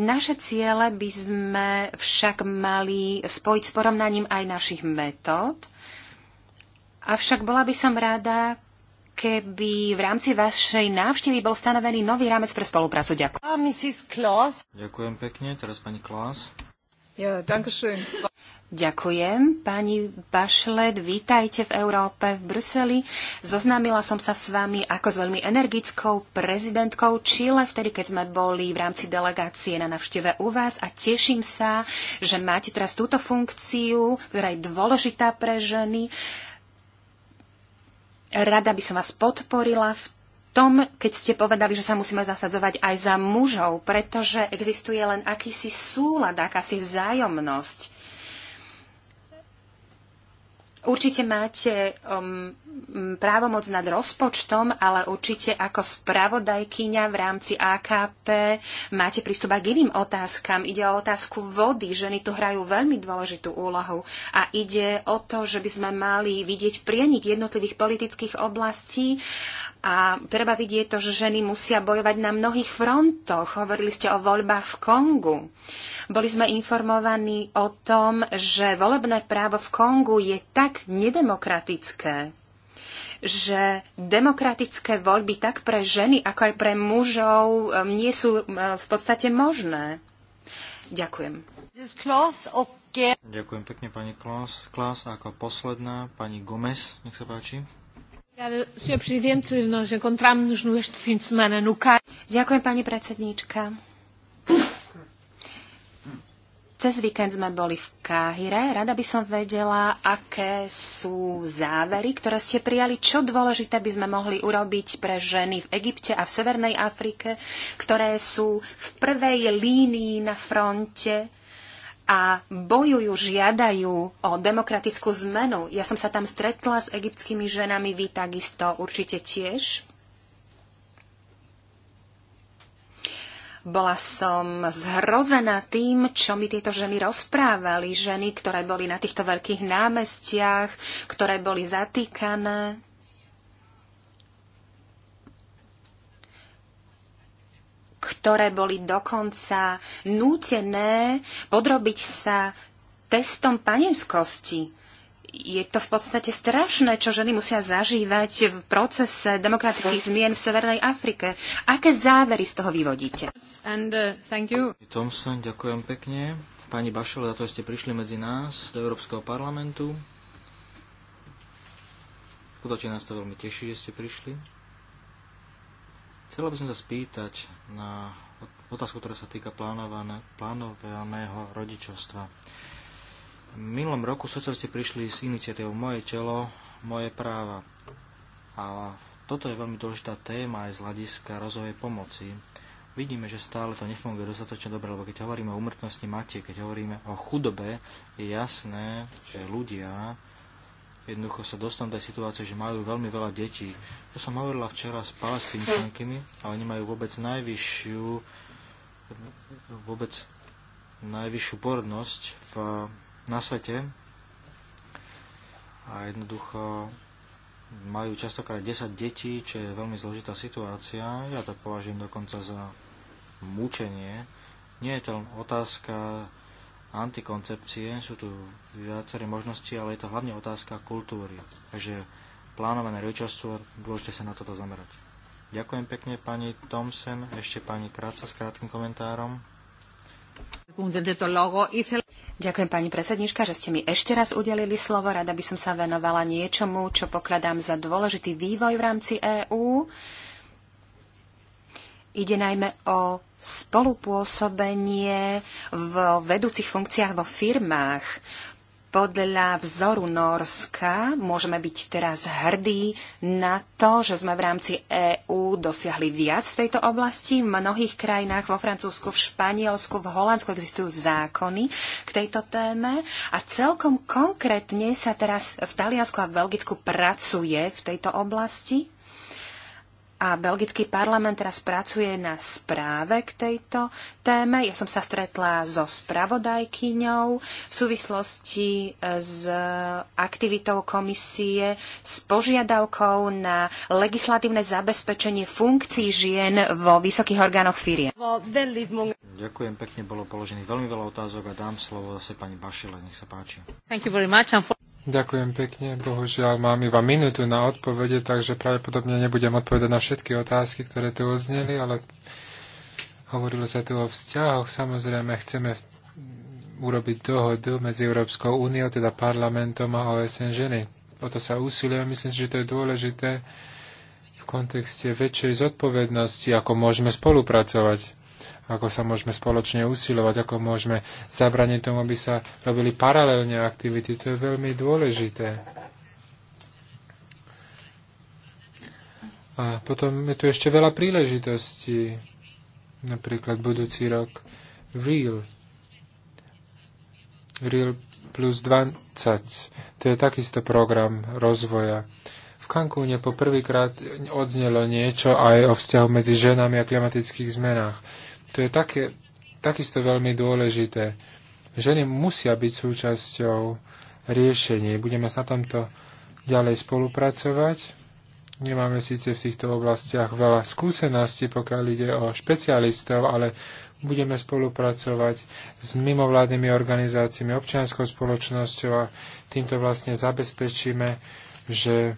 Naše ciele by sme však mali spojiť s porovnaním aj našich metód. Avšak bola by som rada, keby v rámci vašej návštevy bol stanovený nový rámec pre spoluprácu. Ďakujem. Ah, Ďakujem pekne. Teraz pani Klaas. Ja, dankeschön. Ďakujem. Pani Bašlet, vítajte v Európe, v Bruseli. Zoznámila som sa s vami ako s veľmi energickou prezidentkou Čile, vtedy, keď sme boli v rámci delegácie na navšteve u vás a teším sa, že máte teraz túto funkciu, ktorá je dôležitá pre ženy. Rada by som vás podporila v tom, keď ste povedali, že sa musíme zasadzovať aj za mužov, pretože existuje len akýsi súlad, akási vzájomnosť. Určite máte um, právomoc nad rozpočtom, ale určite ako spravodajkyňa v rámci AKP máte prístup aj k iným otázkam. Ide o otázku vody. Ženy tu hrajú veľmi dôležitú úlohu. A ide o to, že by sme mali vidieť prienik jednotlivých politických oblastí a treba vidieť to, že ženy musia bojovať na mnohých frontoch. Hovorili ste o voľbách v Kongu. Boli sme informovaní o tom, že volebné právo v Kongu je tak nedemokratické, že demokratické voľby tak pre ženy, ako aj pre mužov um, nie sú uh, v podstate možné. Ďakujem. Ďakujem pekne, pani Klaus. Klaus ako posledná, pani Gomez, nech sa páči. No Ďakujem, pani predsedníčka. Cez víkend sme boli v Káhire. Rada by som vedela, aké sú závery, ktoré ste prijali, čo dôležité by sme mohli urobiť pre ženy v Egypte a v Severnej Afrike, ktoré sú v prvej línii na fronte a bojujú, žiadajú o demokratickú zmenu. Ja som sa tam stretla s egyptskými ženami, vy takisto určite tiež. Bola som zhrozená tým, čo mi tieto ženy rozprávali. Ženy, ktoré boli na týchto veľkých námestiach, ktoré boli zatýkané. ktoré boli dokonca nútené podrobiť sa testom panenskosti. Je to v podstate strašné, čo ženy musia zažívať v procese demokratických zmien v Severnej Afrike. Aké závery z toho vyvodíte? And, uh, thank you. Thompson, ďakujem pekne. Pani Bašele, za to, ste prišli medzi nás do Európskeho parlamentu. Skutočne nás to veľmi teší, že ste prišli. Chcela by som sa spýtať na otázku, ktorá sa týka plánovaného rodičovstva. V minulom roku socialisti prišli s iniciatívou Moje telo, moje práva. A toto je veľmi dôležitá téma aj z hľadiska rozvojej pomoci. Vidíme, že stále to nefunguje dostatočne dobre, lebo keď hovoríme o umrtnosti matie, keď hovoríme o chudobe, je jasné, že ľudia jednoducho sa dostanú do situácie, že majú veľmi veľa detí. Ja som hovorila včera s palestínčankami a oni majú vôbec najvyššiu vôbec najvyššiu porodnosť v, na svete a jednoducho majú častokrát 10 detí, čo je veľmi zložitá situácia. Ja to považujem dokonca za mučenie. Nie je to len otázka antikoncepcie. Sú tu viaceré možnosti, ale je to hlavne otázka kultúry. Takže plánované rodičovstvo, dôležite sa na toto zamerať. Ďakujem pekne pani Thompson, ešte pani Kráca s krátkým komentárom. Ďakujem pani predsednička, že ste mi ešte raz udelili slovo. Rada by som sa venovala niečomu, čo pokladám za dôležitý vývoj v rámci EÚ. Ide najmä o spolupôsobenie v vedúcich funkciách vo firmách. Podľa vzoru Norska môžeme byť teraz hrdí na to, že sme v rámci EÚ dosiahli viac v tejto oblasti. V mnohých krajinách, vo Francúzsku, v Španielsku, v Holandsku existujú zákony k tejto téme a celkom konkrétne sa teraz v Taliansku a v Belgicku pracuje v tejto oblasti a belgický parlament teraz pracuje na správe k tejto téme. Ja som sa stretla so spravodajkyňou v súvislosti e, s aktivitou komisie s požiadavkou na legislatívne zabezpečenie funkcií žien vo vysokých orgánoch firie. Ďakujem pekne, bolo položených veľmi veľa otázok a dám slovo zase pani Bašile, nech sa páči. Thank you very much. Ďakujem pekne. Bohužiaľ, mám iba minútu na odpovede, takže pravdepodobne nebudem odpovedať na všetky otázky, ktoré tu ozneli, ale hovorilo sa tu o vzťahoch. Samozrejme, chceme urobiť dohodu medzi Európskou úniou, teda parlamentom a OSN ženy. O to sa usilujeme. Myslím si, že to je dôležité v kontexte väčšej zodpovednosti, ako môžeme spolupracovať ako sa môžeme spoločne usilovať, ako môžeme zabraniť tomu, aby sa robili paralelne aktivity. To je veľmi dôležité. A potom je tu ešte veľa príležitostí. Napríklad budúci rok Real. Real plus 20. To je takisto program rozvoja. V Cancúne poprvýkrát odznelo niečo aj o vzťahu medzi ženami a klimatických zmenách. To je také, takisto veľmi dôležité. Ženy musia byť súčasťou riešenie. Budeme na tomto ďalej spolupracovať. Nemáme síce v týchto oblastiach veľa skúseností, pokiaľ ide o špecialistov, ale budeme spolupracovať s mimovládnymi organizáciami, občianskou spoločnosťou a týmto vlastne zabezpečíme, že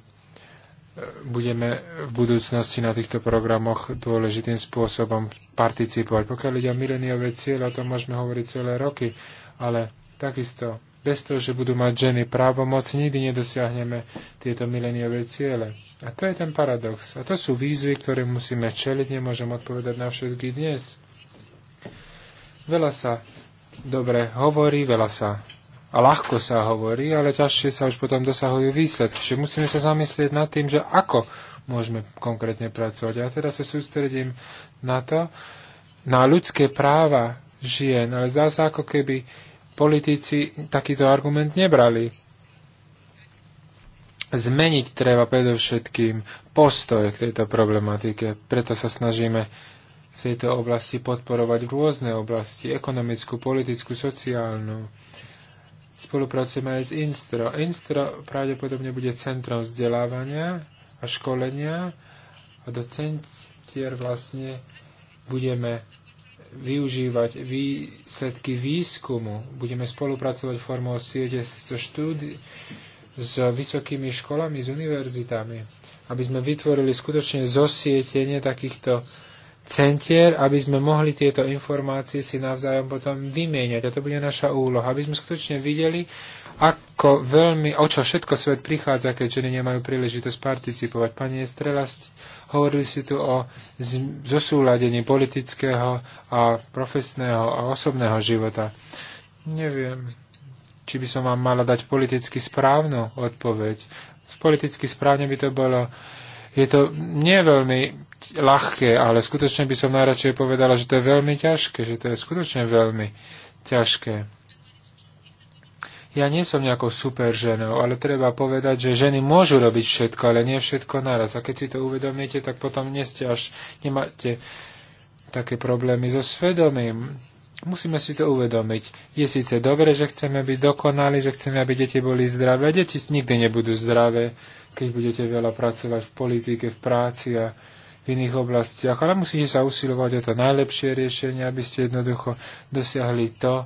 budeme v budúcnosti na týchto programoch dôležitým spôsobom participovať. Pokiaľ ide o mileniové cieľe, o tom môžeme hovoriť celé roky, ale takisto bez toho, že budú mať ženy právomoc, nikdy nedosiahneme tieto mileniové ciele. A to je ten paradox. A to sú výzvy, ktoré musíme čeliť, nemôžem odpovedať na všetky dnes. Veľa sa dobre hovorí, veľa sa a ľahko sa hovorí, ale ťažšie sa už potom dosahujú výsledky. Čiže musíme sa zamyslieť nad tým, že ako môžeme konkrétne pracovať. Ja teraz sa sústredím na to, na ľudské práva žien, ale zdá sa, ako keby politici takýto argument nebrali. Zmeniť treba predovšetkým postoj k tejto problematike, preto sa snažíme v tejto oblasti podporovať v rôzne oblasti, ekonomickú, politickú, sociálnu. Spolupracujeme aj s Instro. Instro pravdepodobne bude centrom vzdelávania a školenia a do centier vlastne budeme využívať výsledky výskumu. Budeme spolupracovať formou siete so štúdi- s vysokými školami, s univerzitami, aby sme vytvorili skutočne zosietenie takýchto centier, aby sme mohli tieto informácie si navzájom potom vymieňať. A to bude naša úloha, aby sme skutočne videli, ako veľmi, o čo všetko svet prichádza, keď ženy nemajú príležitosť participovať. Pani Estrela, hovorili si tu o zosúladení politického a profesného a osobného života. Neviem, či by som vám mala dať politicky správnu odpoveď. Politicky správne by to bolo je to nie veľmi ľahké, ale skutočne by som najradšej povedala, že to je veľmi ťažké, že to je skutočne veľmi ťažké. Ja nie som nejakou super ženou, ale treba povedať, že ženy môžu robiť všetko, ale nie všetko naraz. A keď si to uvedomíte, tak potom nie ste až, nemáte také problémy so svedomím. Musíme si to uvedomiť. Je síce dobre, že chceme byť dokonali, že chceme, aby deti boli zdravé. A deti nikdy nebudú zdravé, keď budete veľa pracovať v politike, v práci a v iných oblastiach. Ale musíte sa usilovať o to najlepšie riešenie, aby ste jednoducho dosiahli to,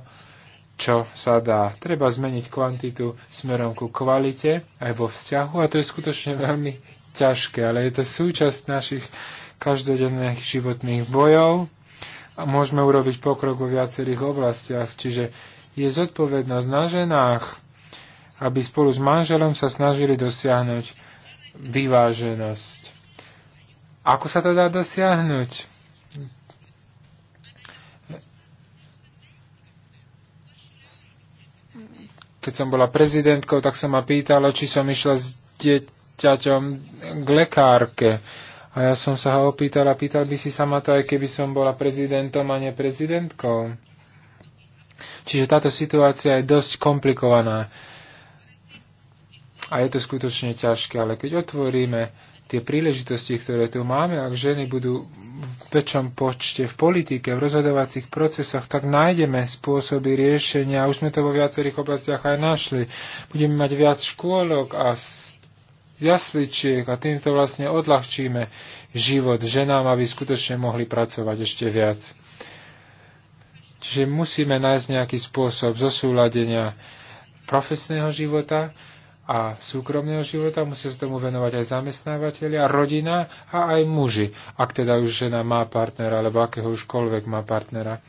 čo sa dá. Treba zmeniť kvantitu smerom ku kvalite aj vo vzťahu a to je skutočne veľmi ťažké, ale je to súčasť našich každodenných životných bojov a môžeme urobiť pokrok vo viacerých oblastiach. Čiže je zodpovednosť na ženách, aby spolu s manželom sa snažili dosiahnuť vyváženosť. Ako sa to dá dosiahnuť? Keď som bola prezidentkou, tak sa ma pýtala, či som išla s dieťaťom k lekárke. A ja som sa ho opýtal a pýtal by si sa ma to, aj keby som bola prezidentom a nie prezidentkou. Čiže táto situácia je dosť komplikovaná. A je to skutočne ťažké, ale keď otvoríme tie príležitosti, ktoré tu máme, ak ženy budú v väčšom počte v politike, v rozhodovacích procesoch, tak nájdeme spôsoby riešenia. Už sme to vo viacerých oblastiach aj našli. Budeme mať viac škôlok a jasličiek a týmto vlastne odľahčíme život ženám, aby skutočne mohli pracovať ešte viac. Čiže musíme nájsť nejaký spôsob zosúladenia profesného života a súkromného života, musia sa tomu venovať aj zamestnávateľia, rodina a aj muži, ak teda už žena má partnera, alebo akého užkoľvek má partnera.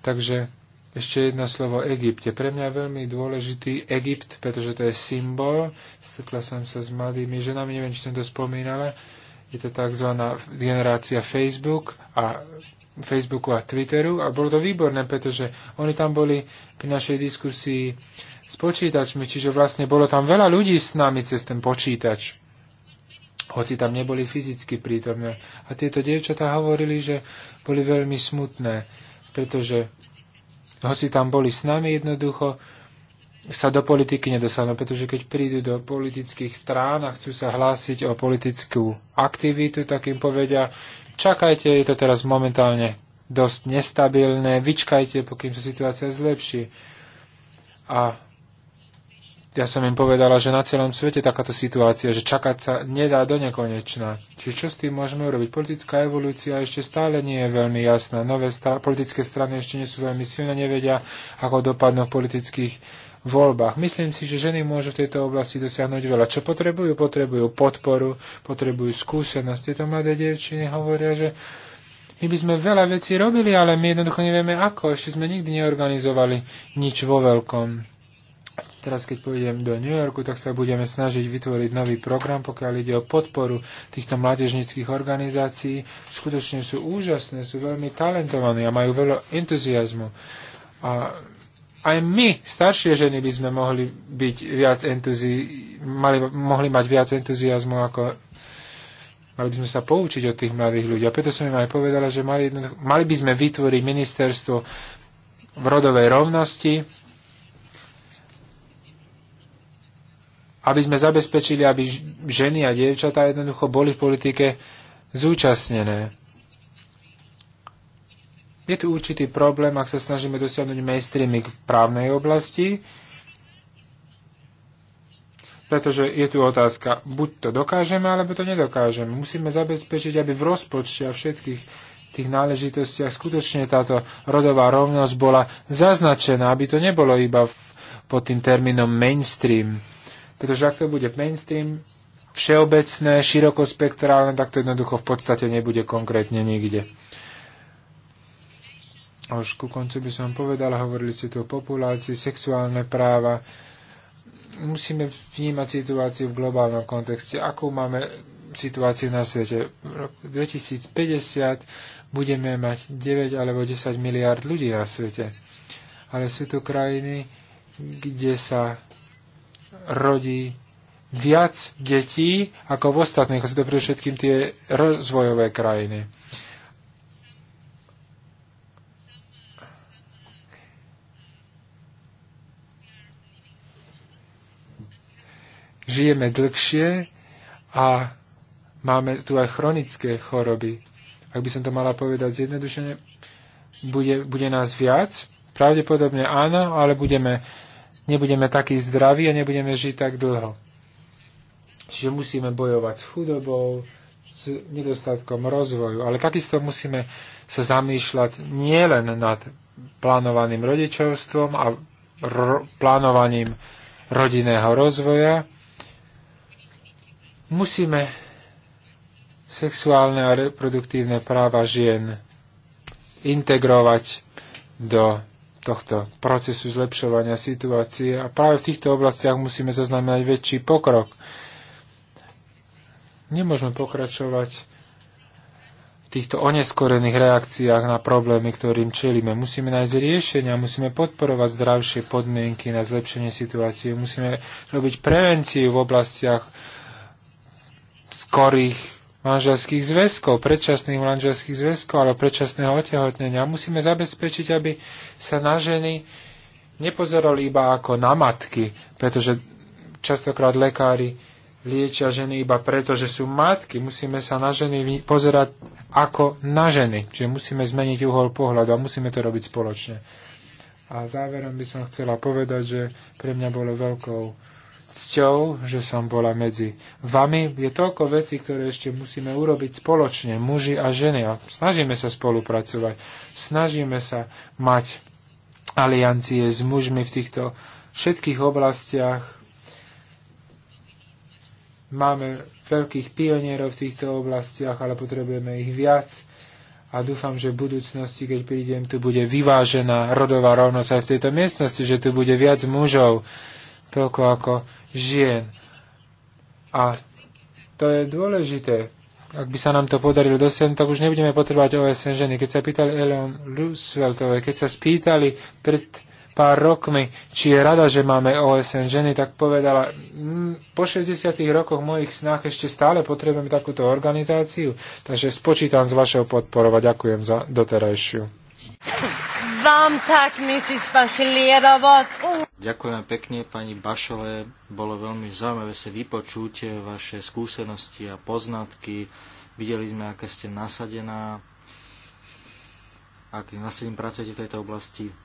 Takže ešte jedno slovo Egypte. Pre mňa je veľmi dôležitý Egypt, pretože to je symbol. Stretla som sa s mladými ženami, neviem, či som to spomínala. Je to tzv. generácia Facebook a Facebooku a Twitteru a bolo to výborné, pretože oni tam boli pri našej diskusii s počítačmi, čiže vlastne bolo tam veľa ľudí s nami cez ten počítač, hoci tam neboli fyzicky prítomné. A tieto dievčatá hovorili, že boli veľmi smutné, pretože hoci tam boli s nami jednoducho, sa do politiky nedostanú, pretože keď prídu do politických strán a chcú sa hlásiť o politickú aktivitu, tak im povedia, čakajte, je to teraz momentálne dosť nestabilné, vyčkajte, pokým sa situácia zlepší. A ja som im povedala, že na celom svete takáto situácia, že čakať sa nedá do nekonečna. Čiže čo s tým môžeme urobiť? Politická evolúcia ešte stále nie je veľmi jasná. Nové stra- politické strany ešte nie sú veľmi silné, nevedia, ako dopadnú v politických voľbách. Myslím si, že ženy môžu v tejto oblasti dosiahnuť veľa. Čo potrebujú? Potrebujú podporu, potrebujú skúsenosť. Tieto mladé dievčiny hovoria, že my by sme veľa vecí robili, ale my jednoducho nevieme ako. Ešte sme nikdy neorganizovali nič vo veľkom teraz keď pôjdem do New Yorku, tak sa budeme snažiť vytvoriť nový program, pokiaľ ide o podporu týchto mládežnických organizácií. Skutočne sú úžasné, sú veľmi talentovaní a majú veľa entuziasmu. A aj my, staršie ženy, by sme mohli byť viac entuzi- mali, mohli mať viac entuziasmu ako Mali by sme sa poučiť od tých mladých ľudí. A preto som im aj povedala, že mali, mali by sme vytvoriť ministerstvo v rodovej rovnosti, aby sme zabezpečili, aby ženy a dievčatá jednoducho boli v politike zúčastnené. Je tu určitý problém, ak sa snažíme dosiahnuť mainstreaming v právnej oblasti, pretože je tu otázka, buď to dokážeme, alebo to nedokážeme. Musíme zabezpečiť, aby v rozpočte a všetkých tých náležitostiach skutočne táto rodová rovnosť bola zaznačená, aby to nebolo iba v, pod tým termínom mainstream pretože ak to bude mainstream, všeobecné, širokospektrálne, tak to jednoducho v podstate nebude konkrétne nikde. A už ku koncu by som povedala, hovorili ste tu o populácii, sexuálne práva. Musíme vnímať situáciu v globálnom kontexte. Akú máme situáciu na svete? V roku 2050 budeme mať 9 alebo 10 miliard ľudí na svete. Ale sú tu krajiny, kde sa rodí viac detí ako v ostatných, ako sú to predovšetkým tie rozvojové krajiny. Žijeme dlhšie a máme tu aj chronické choroby. Ak by som to mala povedať zjednodušene, bude, bude nás viac? Pravdepodobne áno, ale budeme nebudeme takí zdraví a nebudeme žiť tak dlho. Čiže musíme bojovať s chudobou, s nedostatkom rozvoju, ale takisto musíme sa zamýšľať nielen nad plánovaným rodičovstvom a ro- plánovaním rodinného rozvoja. Musíme sexuálne a reproduktívne práva žien integrovať do tohto procesu zlepšovania situácie a práve v týchto oblastiach musíme zaznamenať väčší pokrok. Nemôžeme pokračovať v týchto oneskorených reakciách na problémy, ktorým čelíme. Musíme nájsť riešenia, musíme podporovať zdravšie podmienky na zlepšenie situácie, musíme robiť prevenciu v oblastiach skorých manželských zväzkov, predčasných manželských zväzkov alebo predčasného otehotnenia. Musíme zabezpečiť, aby sa na ženy nepozerali iba ako na matky, pretože častokrát lekári liečia ženy iba preto, že sú matky. Musíme sa na ženy pozerať ako na ženy. Čiže musíme zmeniť uhol pohľadu a musíme to robiť spoločne. A záverom by som chcela povedať, že pre mňa bolo veľkou cťou, že som bola medzi vami. Je toľko vecí, ktoré ešte musíme urobiť spoločne, muži a ženy. A snažíme sa spolupracovať. Snažíme sa mať aliancie s mužmi v týchto všetkých oblastiach. Máme veľkých pionierov v týchto oblastiach, ale potrebujeme ich viac. A dúfam, že v budúcnosti, keď prídem, tu bude vyvážená rodová rovnosť aj v tejto miestnosti, že tu bude viac mužov toľko ako žien. A to je dôležité. Ak by sa nám to podarilo dosiahnuť, tak už nebudeme potrebovať OSN ženy. Keď sa pýtali Eleon Rooseveltové, keď sa spýtali pred pár rokmi, či je rada, že máme OSN ženy, tak povedala, mm, po 60 rokoch mojich snách ešte stále potrebujem takúto organizáciu, takže spočítam s vašou podporou a ďakujem za doterajšiu. Vám tak, Mrs. Ďakujem pekne, pani Bašové. Bolo veľmi zaujímavé si vypočuť vaše skúsenosti a poznatky. Videli sme, aké ste nasadená, akým nasadením pracujete v tejto oblasti.